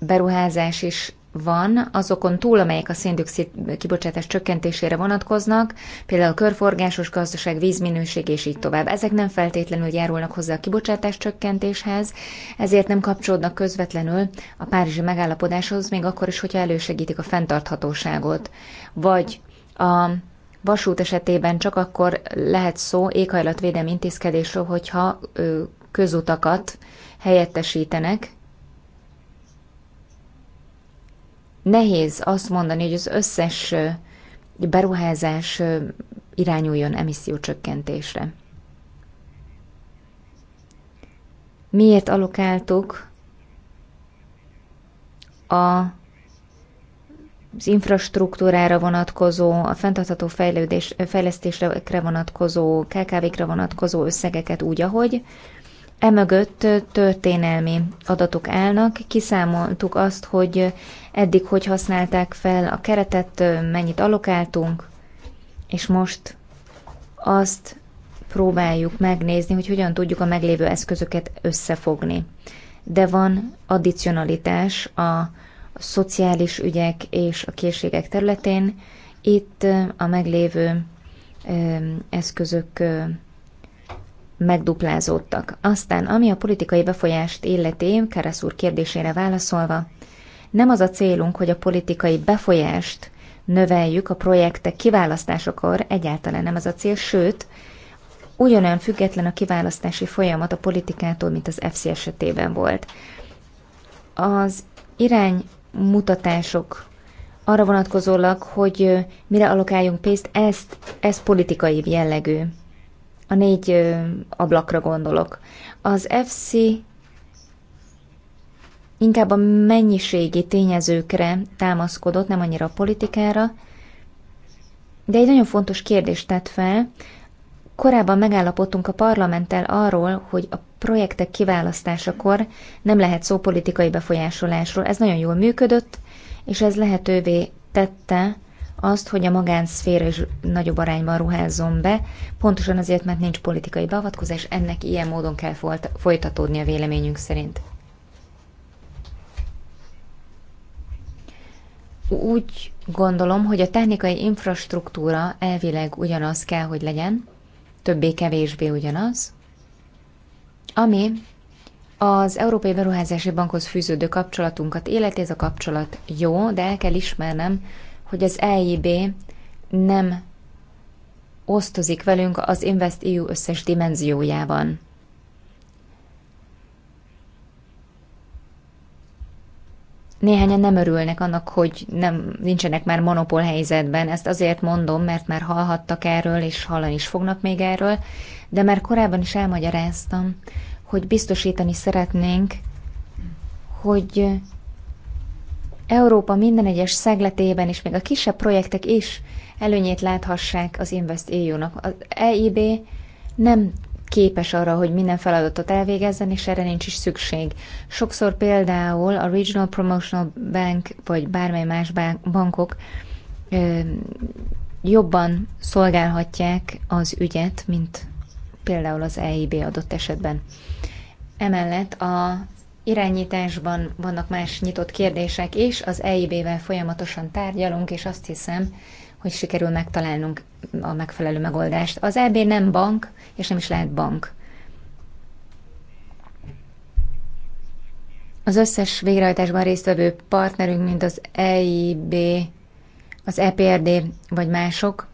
beruházás is van azokon túl, amelyek a széndiokszid kibocsátás csökkentésére vonatkoznak, például körforgásos gazdaság, vízminőség és így tovább. Ezek nem feltétlenül járulnak hozzá a kibocsátás csökkentéshez, ezért nem kapcsolódnak közvetlenül a Párizsi megállapodáshoz, még akkor is, hogyha elősegítik a fenntarthatóságot. Vagy a vasút esetében csak akkor lehet szó éghajlatvédelmi intézkedésről, hogyha közutakat helyettesítenek, nehéz azt mondani, hogy az összes beruházás irányuljon emissziócsökkentésre. Miért alokáltuk a az infrastruktúrára vonatkozó, a fenntartható fejlődés, fejlesztésre vonatkozó, kkv kre vonatkozó összegeket úgy, ahogy Emögött történelmi adatok állnak, kiszámoltuk azt, hogy eddig hogy használták fel a keretet, mennyit alokáltunk, és most azt próbáljuk megnézni, hogy hogyan tudjuk a meglévő eszközöket összefogni. De van addicionalitás a szociális ügyek és a készségek területén. Itt a meglévő eszközök megduplázódtak. Aztán, ami a politikai befolyást illeti, Karasz úr kérdésére válaszolva, nem az a célunk, hogy a politikai befolyást növeljük a projektek kiválasztásakor, egyáltalán nem az a cél, sőt, ugyanolyan független a kiválasztási folyamat a politikától, mint az FC esetében volt. Az iránymutatások arra vonatkozólag, hogy mire alokáljunk pénzt, ezt, ez politikai jellegű a négy ablakra gondolok. Az FC inkább a mennyiségi tényezőkre támaszkodott, nem annyira a politikára, de egy nagyon fontos kérdést tett fel. Korábban megállapodtunk a parlamenttel arról, hogy a projektek kiválasztásakor nem lehet szó politikai befolyásolásról. Ez nagyon jól működött, és ez lehetővé tette, azt, hogy a magánszféra is nagyobb arányban ruházzon be, pontosan azért, mert nincs politikai beavatkozás, ennek ilyen módon kell folytatódni a véleményünk szerint. Úgy gondolom, hogy a technikai infrastruktúra elvileg ugyanaz kell, hogy legyen, többé-kevésbé ugyanaz, ami az Európai Beruházási Bankhoz fűződő kapcsolatunkat életi, ez a kapcsolat jó, de el kell ismernem, hogy az EIB nem osztozik velünk az InvestEU összes dimenziójában. Néhányan nem örülnek annak, hogy nem, nincsenek már monopól helyzetben. Ezt azért mondom, mert már hallhattak erről, és hallani is fognak még erről, de már korábban is elmagyaráztam, hogy biztosítani szeretnénk, hogy Európa minden egyes szegletében és még a kisebb projektek is előnyét láthassák az Invest EU-nak. Az EIB nem képes arra, hogy minden feladatot elvégezzen, és erre nincs is szükség. Sokszor például a Regional Promotional Bank vagy bármely más bankok ö, jobban szolgálhatják az ügyet, mint például az EIB adott esetben. Emellett a irányításban vannak más nyitott kérdések is, az EIB-vel folyamatosan tárgyalunk, és azt hiszem, hogy sikerül megtalálnunk a megfelelő megoldást. Az EB nem bank, és nem is lehet bank. Az összes végrehajtásban résztvevő partnerünk, mint az EIB, az EPRD vagy mások,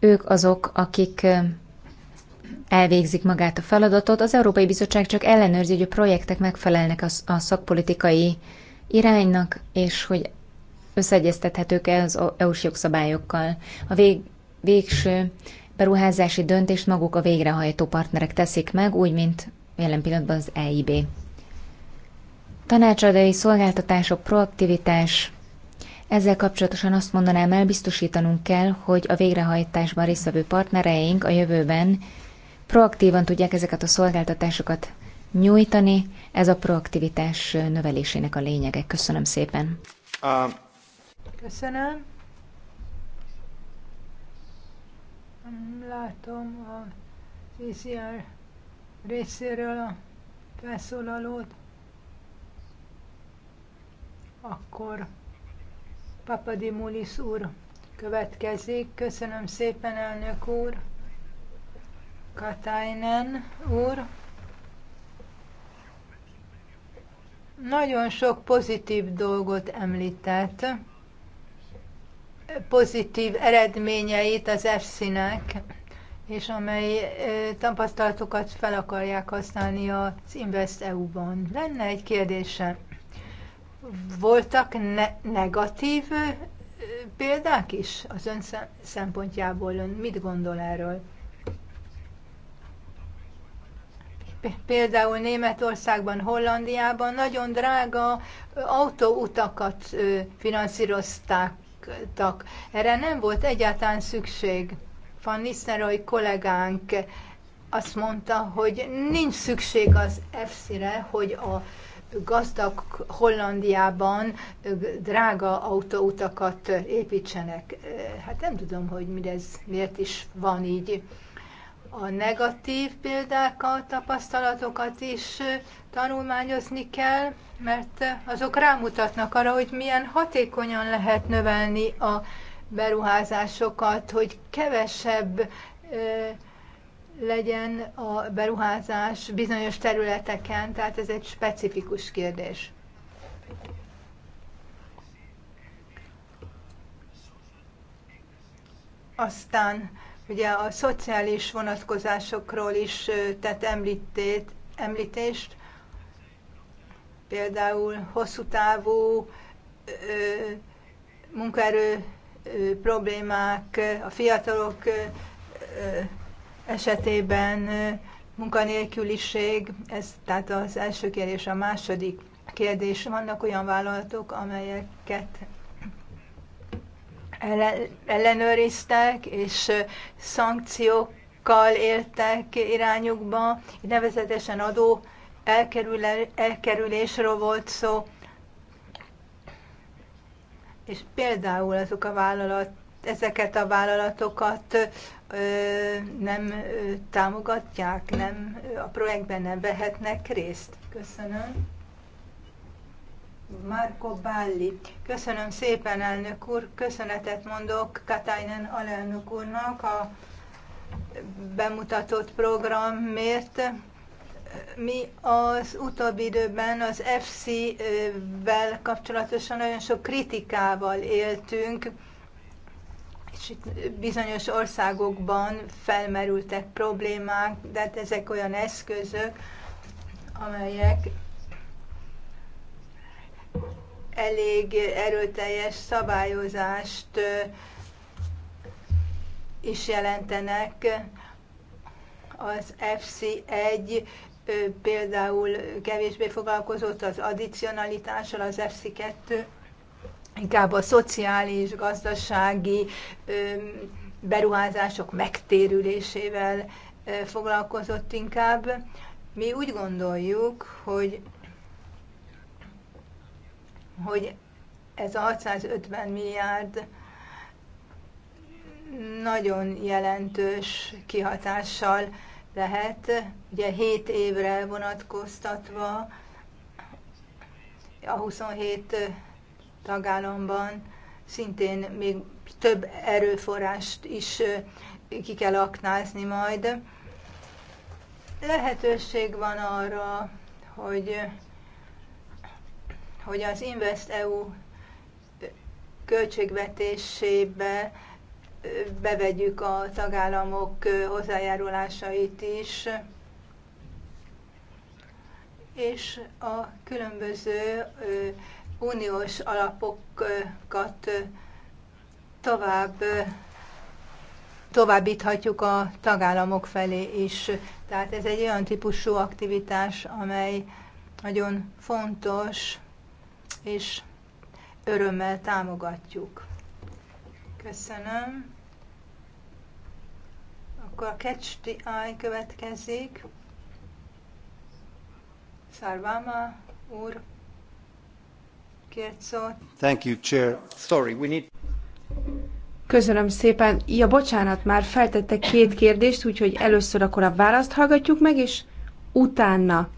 ők azok, akik elvégzik magát a feladatot. Az Európai Bizottság csak ellenőrzi, hogy a projektek megfelelnek a szakpolitikai iránynak, és hogy összeegyeztethetők-e az EU-s jogszabályokkal. A vég, végső beruházási döntést maguk a végrehajtó partnerek teszik meg, úgy, mint jelen pillanatban az EIB. Tanácsadói szolgáltatások, proaktivitás. Ezzel kapcsolatosan azt mondanám el, biztosítanunk kell, hogy a végrehajtásban résztvevő partnereink a jövőben proaktívan tudják ezeket a szolgáltatásokat nyújtani. Ez a proaktivitás növelésének a lényege. Köszönöm szépen. Um, Köszönöm. Látom a VCR részéről a felszólalót. Akkor Papadimulis úr következik. Köszönöm szépen, elnök úr! Katainen úr. Nagyon sok pozitív dolgot említett, pozitív eredményeit az EFSZ-nek, és amely tapasztalatokat fel akarják használni az Invest EU-ban. Lenne egy kérdése. Voltak ne- negatív példák is az ön szempontjából? Ön mit gondol erről? például Németországban, Hollandiában nagyon drága autóutakat finanszírozták. Erre nem volt egyáltalán szükség. Van Nisztelrooy kollégánk azt mondta, hogy nincs szükség az EFSZ-re, hogy a gazdag Hollandiában drága autóutakat építsenek. Hát nem tudom, hogy mi ez, miért is van így a negatív példákat, tapasztalatokat is tanulmányozni kell, mert azok rámutatnak arra, hogy milyen hatékonyan lehet növelni a beruházásokat, hogy kevesebb legyen a beruházás bizonyos területeken, tehát ez egy specifikus kérdés. Aztán Ugye a szociális vonatkozásokról is tett említét, említést, például hosszú távú munkaerő problémák a fiatalok esetében, munkanélküliség, ez tehát az első kérdés, a második kérdés. Vannak olyan vállalatok, amelyeket ellenőriztek, és szankciókkal éltek irányukba, nevezetesen adó elkerülésről volt szó, és például azok a vállalat, ezeket a vállalatokat ö, nem ö, támogatják, nem ö, a projektben nem vehetnek részt. Köszönöm. Marco Balli. Köszönöm szépen, elnök úr. Köszönetet mondok Katainen alelnök úrnak a bemutatott programért. Mi az utóbbi időben az FC-vel kapcsolatosan nagyon sok kritikával éltünk, és itt bizonyos országokban felmerültek problémák, de hát ezek olyan eszközök, amelyek elég erőteljes szabályozást is jelentenek. Az FC1 például kevésbé foglalkozott az addicionalitással, az FC2 inkább a szociális, gazdasági beruházások megtérülésével foglalkozott inkább. Mi úgy gondoljuk, hogy hogy ez a 650 milliárd nagyon jelentős kihatással lehet, ugye 7 évre vonatkoztatva a 27 tagállamban szintén még több erőforrást is ki kell aknázni majd. Lehetőség van arra, hogy hogy az InvestEU költségvetésébe bevegyük a tagállamok hozzájárulásait is, és a különböző uniós alapokat tovább továbbíthatjuk a tagállamok felé is. Tehát ez egy olyan típusú aktivitás, amely nagyon fontos és örömmel támogatjuk. Köszönöm. Akkor a Catch the Eye következik. Sarvama úr kért szót. Thank you, Chair. Sorry, we need... Köszönöm szépen. Ja, bocsánat, már feltette két kérdést, úgyhogy először akkor a választ hallgatjuk meg, és utána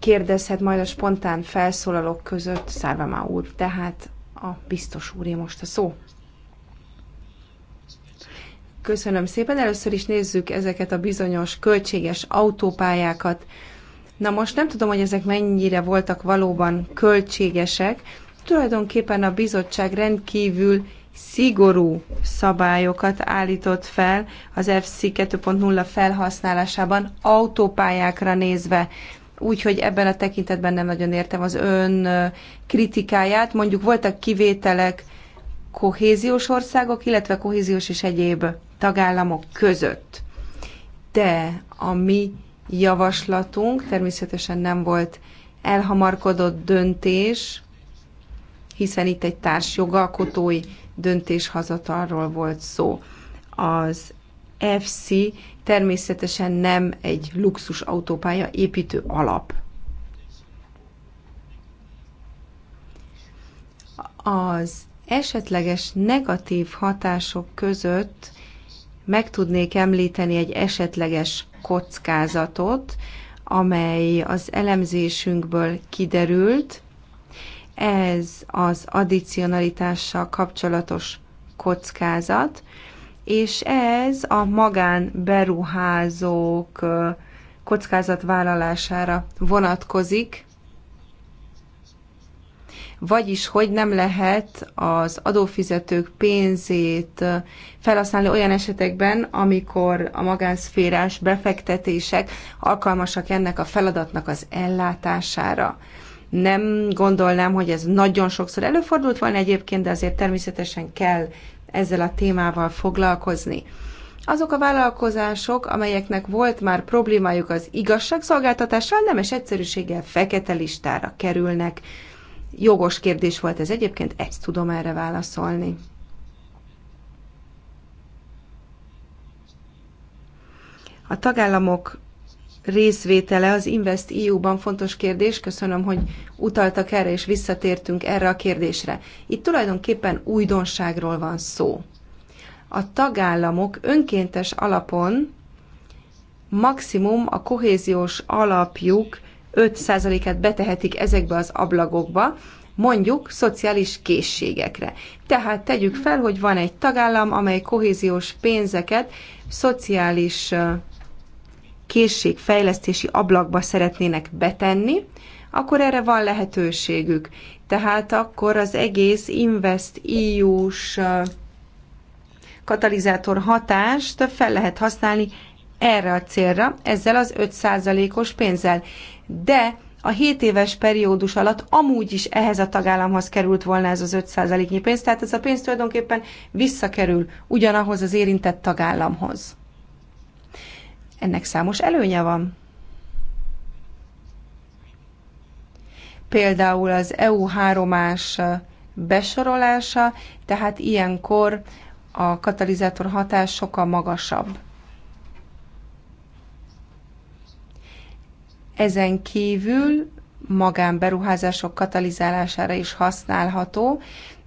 kérdezhet majd a spontán felszólalók között Szárvamá úr, tehát a biztos úré most a szó. Köszönöm szépen. Először is nézzük ezeket a bizonyos költséges autópályákat. Na most nem tudom, hogy ezek mennyire voltak valóban költségesek. Tulajdonképpen a bizottság rendkívül szigorú szabályokat állított fel az FC 2.0 felhasználásában autópályákra nézve úgyhogy ebben a tekintetben nem nagyon értem az ön kritikáját. Mondjuk voltak kivételek kohéziós országok, illetve kohéziós és egyéb tagállamok között. De a mi javaslatunk természetesen nem volt elhamarkodott döntés, hiszen itt egy társjogalkotói döntéshazatalról volt szó. Az FC természetesen nem egy luxus autópálya építő alap. Az esetleges negatív hatások között meg tudnék említeni egy esetleges kockázatot, amely az elemzésünkből kiderült. Ez az addicionalitással kapcsolatos kockázat, és ez a magánberuházók kockázatvállalására vonatkozik, vagyis hogy nem lehet az adófizetők pénzét felhasználni olyan esetekben, amikor a magánszférás befektetések alkalmasak ennek a feladatnak az ellátására. Nem gondolnám, hogy ez nagyon sokszor előfordult volna egyébként, de azért természetesen kell ezzel a témával foglalkozni. Azok a vállalkozások, amelyeknek volt már problémájuk az igazságszolgáltatással, nemes egyszerűséggel fekete listára kerülnek. Jogos kérdés volt ez egyébként, ezt tudom erre válaszolni. A tagállamok részvétele az Invest EU-ban fontos kérdés. Köszönöm, hogy utaltak erre, és visszatértünk erre a kérdésre. Itt tulajdonképpen újdonságról van szó. A tagállamok önkéntes alapon maximum a kohéziós alapjuk 5%-át betehetik ezekbe az ablakokba, mondjuk szociális készségekre. Tehát tegyük fel, hogy van egy tagállam, amely kohéziós pénzeket szociális készségfejlesztési ablakba szeretnének betenni, akkor erre van lehetőségük. Tehát akkor az egész Invest EU-s katalizátor hatást fel lehet használni erre a célra, ezzel az 5%-os pénzzel. De a 7 éves periódus alatt amúgy is ehhez a tagállamhoz került volna ez az 5%-nyi pénz, tehát ez a pénz tulajdonképpen visszakerül ugyanahoz az érintett tagállamhoz. Ennek számos előnye van. Például az EU3-ás besorolása, tehát ilyenkor a katalizátor hatás sokkal magasabb. Ezen kívül magánberuházások katalizálására is használható,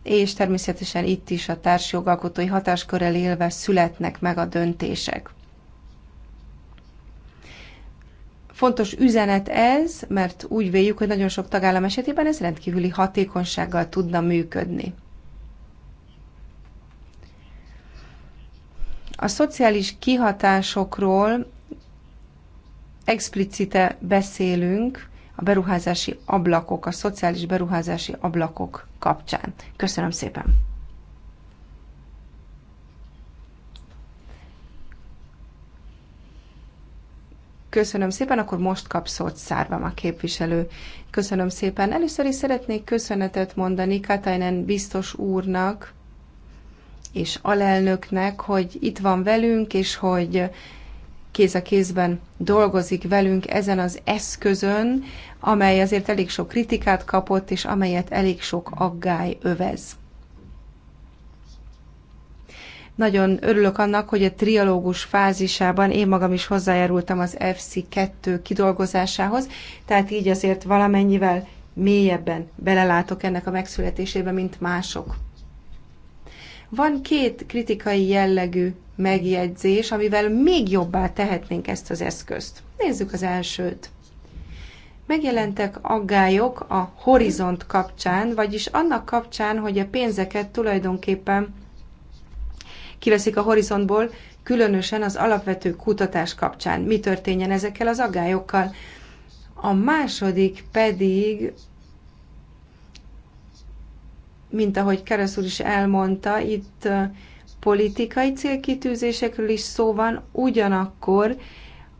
és természetesen itt is a társjogalkotói hatáskörrel élve születnek meg a döntések. Fontos üzenet ez, mert úgy véljük, hogy nagyon sok tagállam esetében ez rendkívüli hatékonysággal tudna működni. A szociális kihatásokról explicite beszélünk a beruházási ablakok, a szociális beruházási ablakok kapcsán. Köszönöm szépen! Köszönöm szépen, akkor most kap szót Szárvam a képviselő. Köszönöm szépen. Először is szeretnék köszönetet mondani Katainen biztos úrnak és alelnöknek, hogy itt van velünk, és hogy kéz a kézben dolgozik velünk ezen az eszközön, amely azért elég sok kritikát kapott, és amelyet elég sok aggály övez. Nagyon örülök annak, hogy a trialógus fázisában én magam is hozzájárultam az FC2 kidolgozásához, tehát így azért valamennyivel mélyebben belelátok ennek a megszületésébe, mint mások. Van két kritikai jellegű megjegyzés, amivel még jobbá tehetnénk ezt az eszközt. Nézzük az elsőt. Megjelentek aggályok a horizont kapcsán, vagyis annak kapcsán, hogy a pénzeket tulajdonképpen kiveszik a horizontból, különösen az alapvető kutatás kapcsán. Mi történjen ezekkel az aggályokkal? A második pedig, mint ahogy Keresz úr is elmondta, itt politikai célkitűzésekről is szó van, ugyanakkor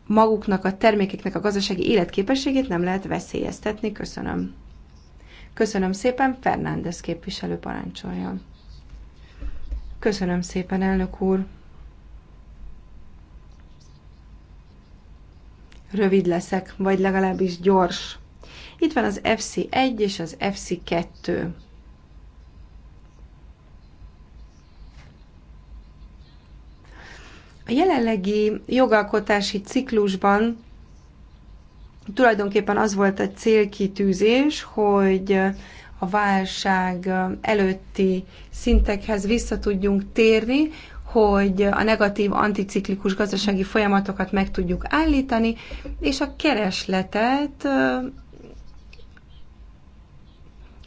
maguknak a termékeknek a gazdasági életképességét nem lehet veszélyeztetni. Köszönöm. Köszönöm szépen, Fernández képviselő parancsoljon. Köszönöm szépen, elnök úr! Rövid leszek, vagy legalábbis gyors. Itt van az FC1 és az FC2. A jelenlegi jogalkotási ciklusban tulajdonképpen az volt a célkitűzés, hogy a válság előtti szintekhez vissza tudjunk térni, hogy a negatív anticiklikus gazdasági folyamatokat meg tudjuk állítani, és a keresletet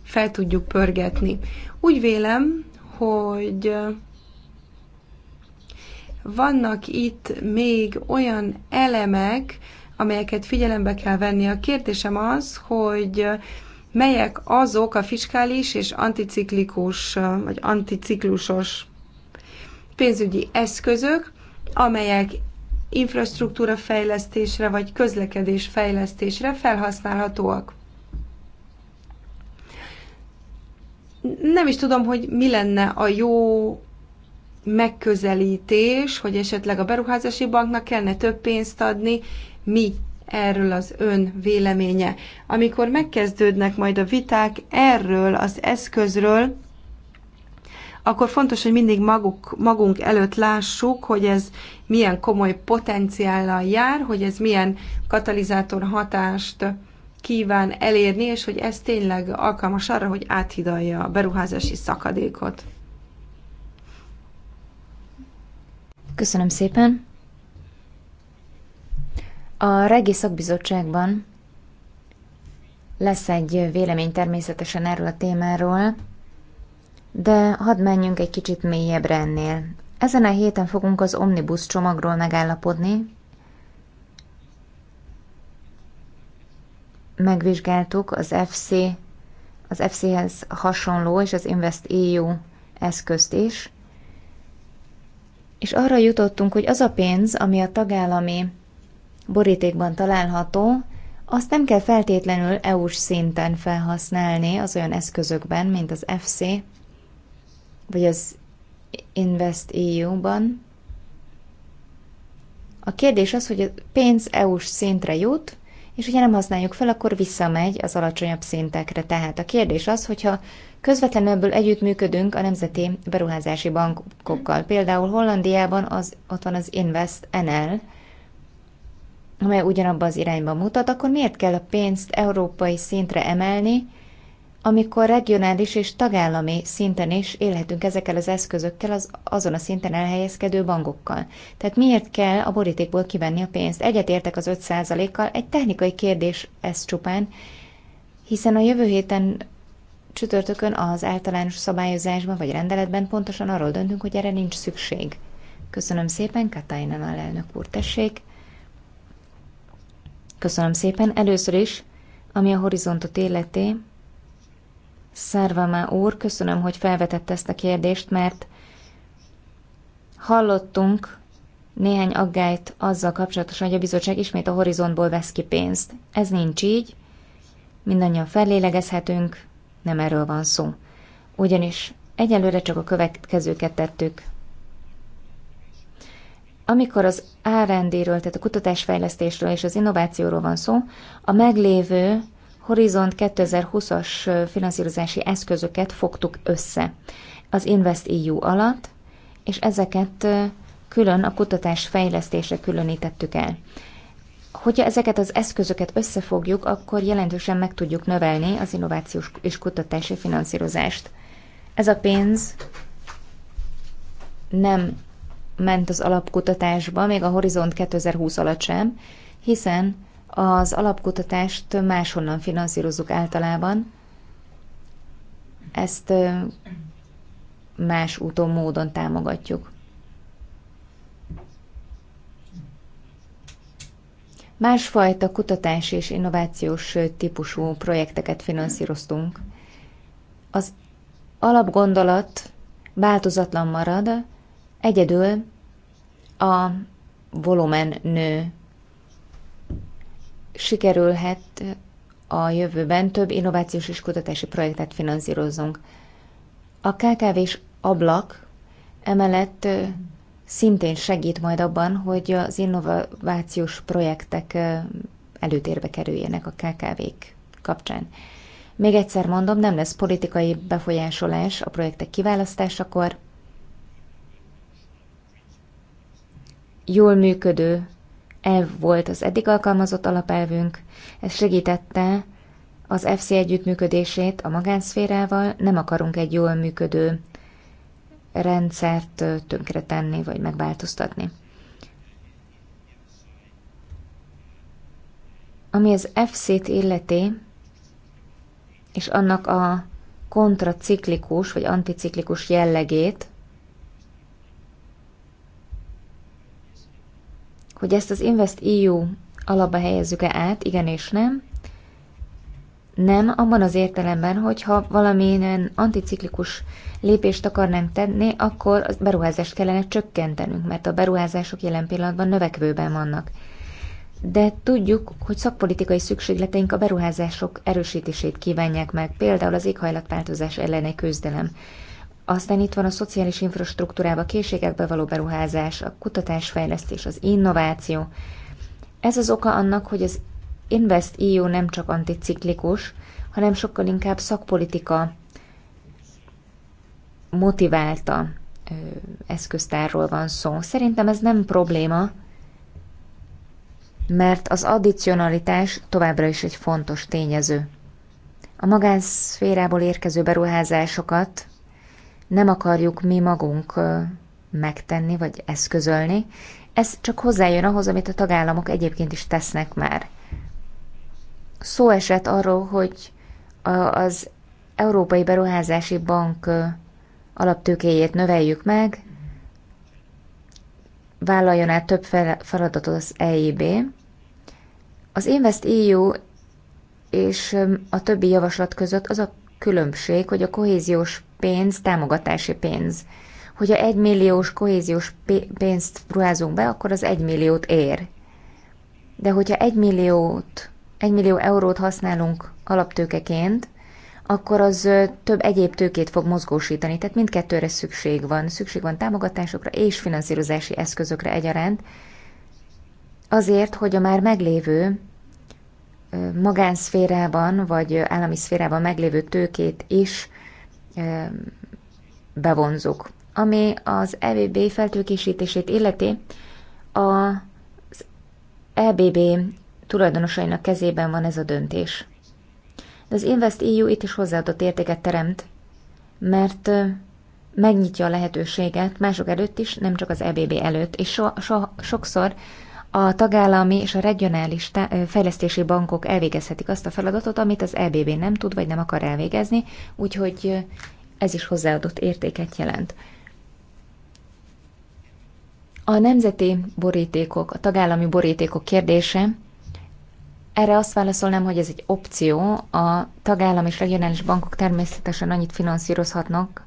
fel tudjuk pörgetni. Úgy vélem, hogy vannak itt még olyan elemek, amelyeket figyelembe kell venni. A kérdésem az, hogy melyek azok a fiskális és anticiklikus, vagy anticiklusos pénzügyi eszközök, amelyek infrastruktúra fejlesztésre vagy közlekedés fejlesztésre felhasználhatóak. Nem is tudom, hogy mi lenne a jó megközelítés, hogy esetleg a beruházási banknak kellene több pénzt adni, mi erről az ön véleménye. Amikor megkezdődnek majd a viták erről az eszközről, akkor fontos, hogy mindig maguk, magunk előtt lássuk, hogy ez milyen komoly potenciállal jár, hogy ez milyen katalizátor hatást kíván elérni, és hogy ez tényleg alkalmas arra, hogy áthidalja a beruházási szakadékot. Köszönöm szépen. A Regi Szakbizottságban lesz egy vélemény természetesen erről a témáról, de hadd menjünk egy kicsit mélyebbre ennél. Ezen a héten fogunk az Omnibus csomagról megállapodni. Megvizsgáltuk az FC, az FC-hez hasonló és az Invest EU eszközt is, és arra jutottunk, hogy az a pénz, ami a tagállami borítékban található, azt nem kell feltétlenül EU-s szinten felhasználni az olyan eszközökben, mint az FC, vagy az Invest EU-ban. A kérdés az, hogy a pénz EU-s szintre jut, és hogyha nem használjuk fel, akkor visszamegy az alacsonyabb szintekre. Tehát a kérdés az, hogyha közvetlenül ebből együttműködünk a nemzeti beruházási bankokkal, például Hollandiában az, ott van az Invest NL, amely ugyanabba az irányba mutat, akkor miért kell a pénzt európai szintre emelni, amikor regionális és tagállami szinten is élhetünk ezekkel az eszközökkel, az, azon a szinten elhelyezkedő bankokkal. Tehát miért kell a borítékból kivenni a pénzt? Egyetértek az 5%-kal, egy technikai kérdés ez csupán, hiszen a jövő héten csütörtökön az általános szabályozásban vagy rendeletben pontosan arról döntünk, hogy erre nincs szükség. Köszönöm szépen, Katainen alelnök úr, tessék! Köszönöm szépen. Először is, ami a horizontot életé, Szárvamá úr, köszönöm, hogy felvetette ezt a kérdést, mert hallottunk néhány aggályt azzal kapcsolatosan, hogy a bizottság ismét a horizontból vesz ki pénzt. Ez nincs így, mindannyian fellélegezhetünk, nem erről van szó. Ugyanis egyelőre csak a következőket tettük amikor az R&D-ről, tehát a kutatásfejlesztésről és az innovációról van szó, a meglévő Horizont 2020-as finanszírozási eszközöket fogtuk össze az Invest EU alatt, és ezeket külön a kutatás fejlesztésre különítettük el. Hogyha ezeket az eszközöket összefogjuk, akkor jelentősen meg tudjuk növelni az innovációs és kutatási finanszírozást. Ez a pénz nem ment az alapkutatásba, még a Horizont 2020 alatt sem, hiszen az alapkutatást máshonnan finanszírozzuk általában. Ezt más úton, módon támogatjuk. Másfajta kutatás és innovációs típusú projekteket finanszíroztunk. Az alapgondolat változatlan marad, Egyedül a volumen nő. Sikerülhet a jövőben több innovációs és kutatási projektet finanszírozzunk. A KKV-s ablak emellett szintén segít majd abban, hogy az innovációs projektek előtérbe kerüljenek a KKV-k kapcsán. Még egyszer mondom, nem lesz politikai befolyásolás a projektek kiválasztásakor, jól működő elv volt az eddig alkalmazott alapelvünk, ez segítette az FC együttműködését a magánszférával, nem akarunk egy jól működő rendszert tönkretenni vagy megváltoztatni. Ami az FC-t illeti, és annak a kontraciklikus vagy anticiklikus jellegét, Hogy ezt az Invest EU alapba helyezzük-e át, igen és nem, nem, abban az értelemben, hogyha valamilyen anticiklikus lépést akarnánk tenni, akkor a beruházást kellene csökkentenünk, mert a beruházások jelen pillanatban növekvőben vannak. De tudjuk, hogy szakpolitikai szükségleteink a beruházások erősítését kívánják meg, például az éghajlatváltozás elleni küzdelem. Aztán itt van a szociális infrastruktúrába, készségekbe való beruházás, a kutatásfejlesztés, az innováció. Ez az oka annak, hogy az Invest EU nem csak anticiklikus, hanem sokkal inkább szakpolitika motiválta ö, eszköztárról van szó. Szerintem ez nem probléma, mert az addicionalitás továbbra is egy fontos tényező. A magánszférából érkező beruházásokat nem akarjuk mi magunk megtenni vagy eszközölni, ez csak hozzájön ahhoz, amit a tagállamok egyébként is tesznek már. Szó esett arról, hogy az Európai Beruházási Bank alaptőkéjét növeljük meg, vállaljon el több feladatot az EIB. Az Invest EU és a többi javaslat között az a különbség, hogy a kohéziós pénz támogatási pénz. Hogyha egy milliós kohéziós pénzt ruházunk be, akkor az egy milliót ér. De hogyha egy milliót, egy millió eurót használunk alaptőkeként, akkor az több egyéb tőkét fog mozgósítani, tehát mindkettőre szükség van. Szükség van támogatásokra és finanszírozási eszközökre egyaránt, azért, hogy a már meglévő magánszférában vagy állami szférában meglévő tőkét is bevonzuk. Ami az EBB feltőkésítését illeti, az EBB tulajdonosainak kezében van ez a döntés. De az Invest EU itt is hozzáadott értéket teremt, mert megnyitja a lehetőséget mások előtt is, nem csak az EBB előtt, és so, so, sokszor a tagállami és a regionális fejlesztési bankok elvégezhetik azt a feladatot, amit az EBB nem tud vagy nem akar elvégezni, úgyhogy ez is hozzáadott értéket jelent. A nemzeti borítékok, a tagállami borítékok kérdése, erre azt válaszolnám, hogy ez egy opció, a tagállam és regionális bankok természetesen annyit finanszírozhatnak,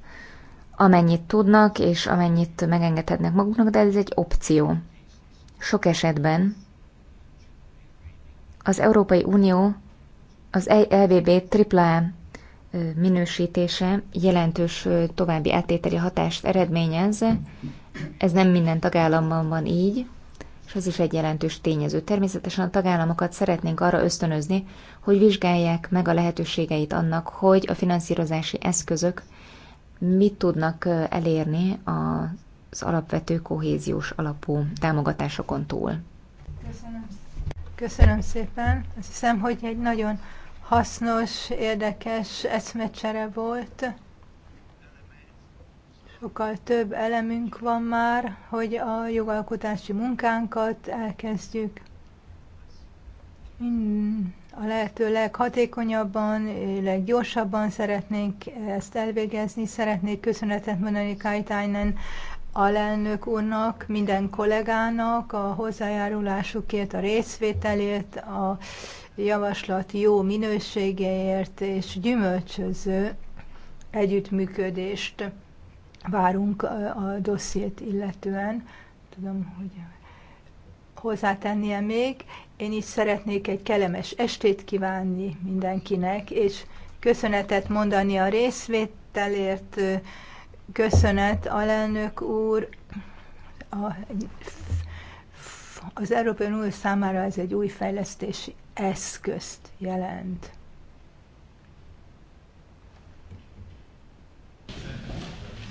amennyit tudnak, és amennyit megengedhetnek maguknak, de ez egy opció. Sok esetben az Európai Unió az LVB AAA e, minősítése jelentős további áttételi hatást eredményez. Ez nem minden tagállamban van így, és az is egy jelentős tényező. Természetesen a tagállamokat szeretnénk arra ösztönözni, hogy vizsgálják meg a lehetőségeit annak, hogy a finanszírozási eszközök mit tudnak elérni a az alapvető kohéziós alapú támogatásokon túl. Köszönöm. Köszönöm szépen. Azt hiszem, hogy egy nagyon hasznos, érdekes eszmecsere volt. Sokkal több elemünk van már, hogy a jogalkotási munkánkat elkezdjük a lehető leghatékonyabban, leggyorsabban szeretnénk ezt elvégezni. Szeretnék köszönetet mondani Kajtájnen alelnök úrnak, minden kollégának a hozzájárulásukért, a részvételért, a javaslat jó minőségéért és gyümölcsöző együttműködést várunk a dossziét illetően. Tudom, hogy hozzátennie még. Én is szeretnék egy kellemes estét kívánni mindenkinek, és köszönetet mondani a részvételért, Köszönet, alelnök úr. A, az Európai Unió számára ez egy új fejlesztési eszközt jelent.